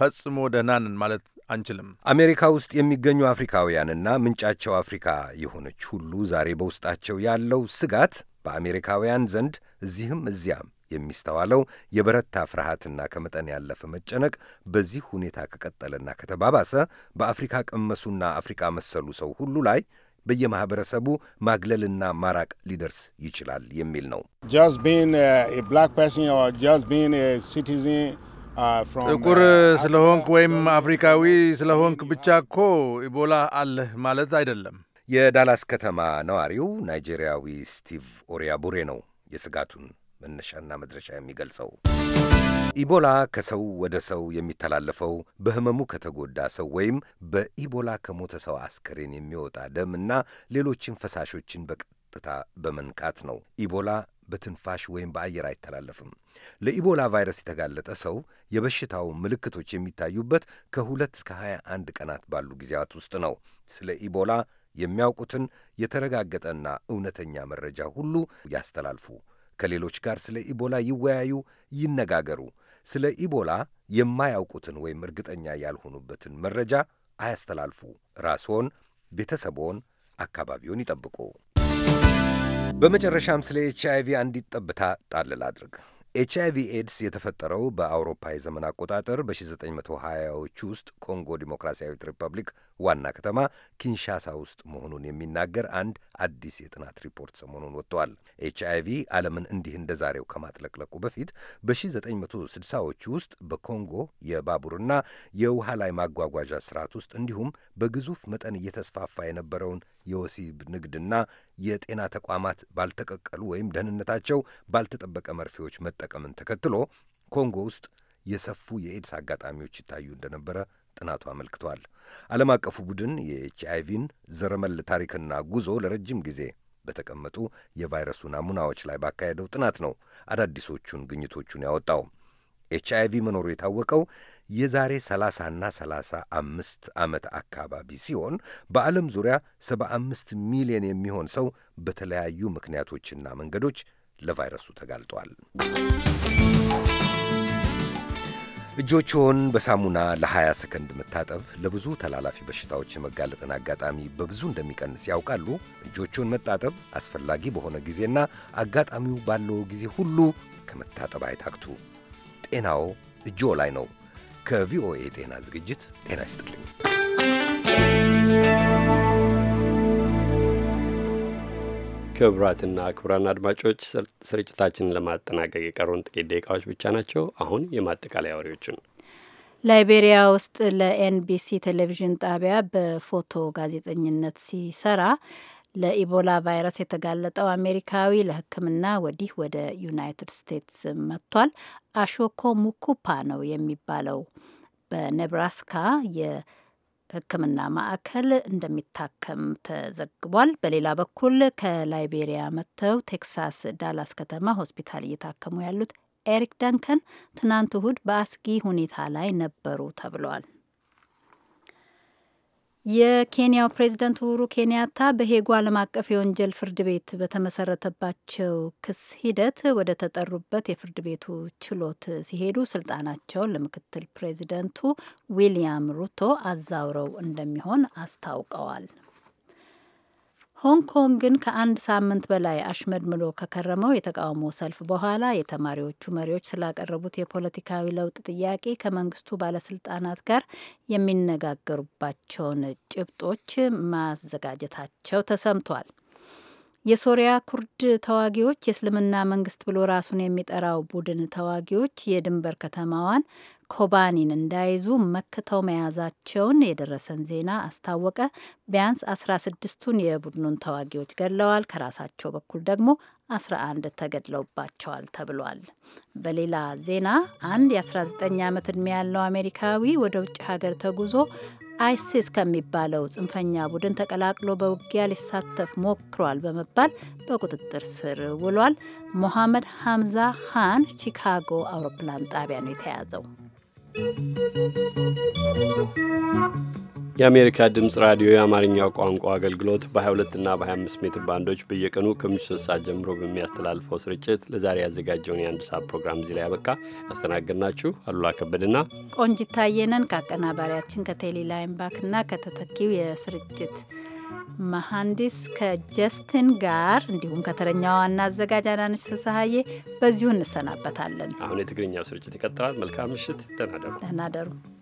ፈጽሞ ደህና ነን ማለት አንችልም። አሜሪካ ውስጥ የሚገኙ አፍሪካውያንና ምንጫቸው አፍሪካ የሆነች ሁሉ ዛሬ በውስጣቸው ያለው ስጋት በአሜሪካውያን ዘንድ እዚህም እዚያም የሚስተዋለው የበረታ ፍርሃትና ከመጠን ያለፈ መጨነቅ በዚህ ሁኔታ ከቀጠለና ከተባባሰ በአፍሪካ ቀመሱና አፍሪካ መሰሉ ሰው ሁሉ ላይ በየማህበረሰቡ ማግለልና ማራቅ ሊደርስ ይችላል የሚል ነው። uh, uh, ጥቁር ስለሆንክ ወይም አፍሪካዊ ስለሆንክ ብቻ እኮ ኢቦላ አለህ ማለት አይደለም። የዳላስ ከተማ ነዋሪው ናይጄሪያዊ ስቲቭ ኦሪያቡሬ ነው የስጋቱን መነሻና መድረሻ የሚገልጸው። ኢቦላ ከሰው ወደ ሰው የሚተላለፈው በህመሙ ከተጎዳ ሰው ወይም በኢቦላ ከሞተ ሰው አስከሬን የሚወጣ ደም እና ሌሎችን ፈሳሾችን በቀጥታ በመንካት ነው። ኢቦላ በትንፋሽ ወይም በአየር አይተላለፍም። ለኢቦላ ቫይረስ የተጋለጠ ሰው የበሽታው ምልክቶች የሚታዩበት ከሁለት እስከ 21 ቀናት ባሉ ጊዜያት ውስጥ ነው። ስለ ኢቦላ የሚያውቁትን የተረጋገጠና እውነተኛ መረጃ ሁሉ ያስተላልፉ። ከሌሎች ጋር ስለ ኢቦላ ይወያዩ፣ ይነጋገሩ። ስለ ኢቦላ የማያውቁትን ወይም እርግጠኛ ያልሆኑበትን መረጃ አያስተላልፉ። ራስዎን፣ ቤተሰቦን፣ አካባቢውን ይጠብቁ። በመጨረሻም ስለ ኤች ቪ አንዲት ጠብታ ጣልል አድርግ። ኤች ኤድስ የተፈጠረው በአውሮፓ የዘመን አቆጣጠር በ1920ዎቹ ውስጥ ኮንጎ ዲሞክራሲያዊት ሪፐብሊክ ዋና ከተማ ኪንሻሳ ውስጥ መሆኑን የሚናገር አንድ አዲስ የጥናት ሪፖርት ሰሞኑን ወጥቷል። ኤች አይቪ ዓለምን እንዲህ እንደ ዛሬው ከማጥለቅለቁ በፊት በ1960ዎቹ ውስጥ በኮንጎ የባቡርና የውሃ ላይ ማጓጓዣ ስርዓት ውስጥ እንዲሁም በግዙፍ መጠን እየተስፋፋ የነበረውን የወሲብ ንግድና የጤና ተቋማት ባልተቀቀሉ ወይም ደህንነታቸው ባልተጠበቀ መርፌዎች መጠቀምን ተከትሎ ኮንጎ ውስጥ የሰፉ የኤድስ አጋጣሚዎች ይታዩ እንደነበረ ጥናቱ አመልክቷል። ዓለም አቀፉ ቡድን የኤች አይቪን ዘረመል ታሪክና ጉዞ ለረጅም ጊዜ በተቀመጡ የቫይረሱ ናሙናዎች ላይ ባካሄደው ጥናት ነው አዳዲሶቹን ግኝቶቹን ያወጣው። ኤች አይቪ መኖሩ የታወቀው የዛሬ 30ና 35 ዓመት አካባቢ ሲሆን በዓለም ዙሪያ 75 ሚሊዮን የሚሆን ሰው በተለያዩ ምክንያቶችና መንገዶች ለቫይረሱ ተጋልጧል። እጆችዎን በሳሙና ለ20 ሰከንድ መታጠብ ለብዙ ተላላፊ በሽታዎች የመጋለጥን አጋጣሚ በብዙ እንደሚቀንስ ያውቃሉ? እጆችዎን መታጠብ አስፈላጊ በሆነ ጊዜና አጋጣሚው ባለው ጊዜ ሁሉ ከመታጠብ አይታክቱ። ጤናው እጆ ላይ ነው። ከቪኦኤ ጤና ዝግጅት ጤና ይስጥልኝ። ክቡራትና ክቡራን አድማጮች ስርጭታችንን ለማጠናቀቅ የቀሩን ጥቂት ደቂቃዎች ብቻ ናቸው። አሁን የማጠቃለያ ወሬዎቹን ላይቤሪያ ውስጥ ለኤንቢሲ ቴሌቪዥን ጣቢያ በፎቶ ጋዜጠኝነት ሲሰራ ለኢቦላ ቫይረስ የተጋለጠው አሜሪካዊ ለሕክምና ወዲህ ወደ ዩናይትድ ስቴትስ መጥቷል። አሾኮ ሙኩፓ ነው የሚባለው በኔብራስካ ሕክምና ማዕከል እንደሚታከም ተዘግቧል። በሌላ በኩል ከላይቤሪያ መጥተው ቴክሳስ ዳላስ ከተማ ሆስፒታል እየታከሙ ያሉት ኤሪክ ዳንከን ትናንት እሁድ በአስጊ ሁኔታ ላይ ነበሩ ተብሏል። የኬንያው ፕሬዝደንት ኡሁሩ ኬንያታ በሄጉ ዓለም አቀፍ የወንጀል ፍርድ ቤት በተመሰረተባቸው ክስ ሂደት ወደ ተጠሩበት የፍርድ ቤቱ ችሎት ሲሄዱ ስልጣናቸውን ለምክትል ፕሬዚደንቱ ዊልያም ሩቶ አዛውረው እንደሚሆን አስታውቀዋል። ሆንግ ኮንግን ከአንድ ሳምንት በላይ አሽመድምሎ ከከረመው የተቃውሞ ሰልፍ በኋላ የተማሪዎቹ መሪዎች ስላቀረቡት የፖለቲካዊ ለውጥ ጥያቄ ከመንግስቱ ባለስልጣናት ጋር የሚነጋገሩባቸውን ጭብጦች ማዘጋጀታቸው ተሰምቷል። የሶሪያ ኩርድ ተዋጊዎች የእስልምና መንግስት ብሎ ራሱን የሚጠራው ቡድን ተዋጊዎች የድንበር ከተማዋን ኮባኒን እንዳይዙ መክተው መያዛቸውን የደረሰን ዜና አስታወቀ። ቢያንስ 16ቱን የቡድኑን ተዋጊዎች ገድለዋል። ከራሳቸው በኩል ደግሞ 11 ተገድለውባቸዋል ተብሏል። በሌላ ዜና አንድ የ19 ዓመት ዕድሜ ያለው አሜሪካዊ ወደ ውጭ ሀገር ተጉዞ አይሲስ ከሚባለው ጽንፈኛ ቡድን ተቀላቅሎ በውጊያ ሊሳተፍ ሞክሯል በመባል በቁጥጥር ስር ውሏል። ሞሐመድ ሐምዛ ሃን ቺካጎ አውሮፕላን ጣቢያ ነው የተያዘው። የአሜሪካ ድምፅ ራዲዮ የአማርኛው ቋንቋ አገልግሎት በ22 እና በ25 ሜትር ባንዶች በየቀኑ ከምሽቱ ሶስት ሰዓት ጀምሮ በሚያስተላልፈው ስርጭት ለዛሬ ያዘጋጀውን የአንድ ሰዓት ፕሮግራም እዚህ ላይ ያበቃ። ያስተናገድናችሁ አሉላ ከበድና ቆንጂት ታየነን ከአቀናባሪያችን ከቴሌ ላይምባክና ከተተኪው የስርጭት መሐንዲስ ከጀስትን ጋር እንዲሁም ከተረኛዋ ዋና አዘጋጅ አዳነች ፍስሀዬ በዚሁ እንሰናበታለን። አሁን የትግርኛው ስርጭት ይቀጥላል። መልካም ምሽት። ደህናደሩ ደህናደሩ።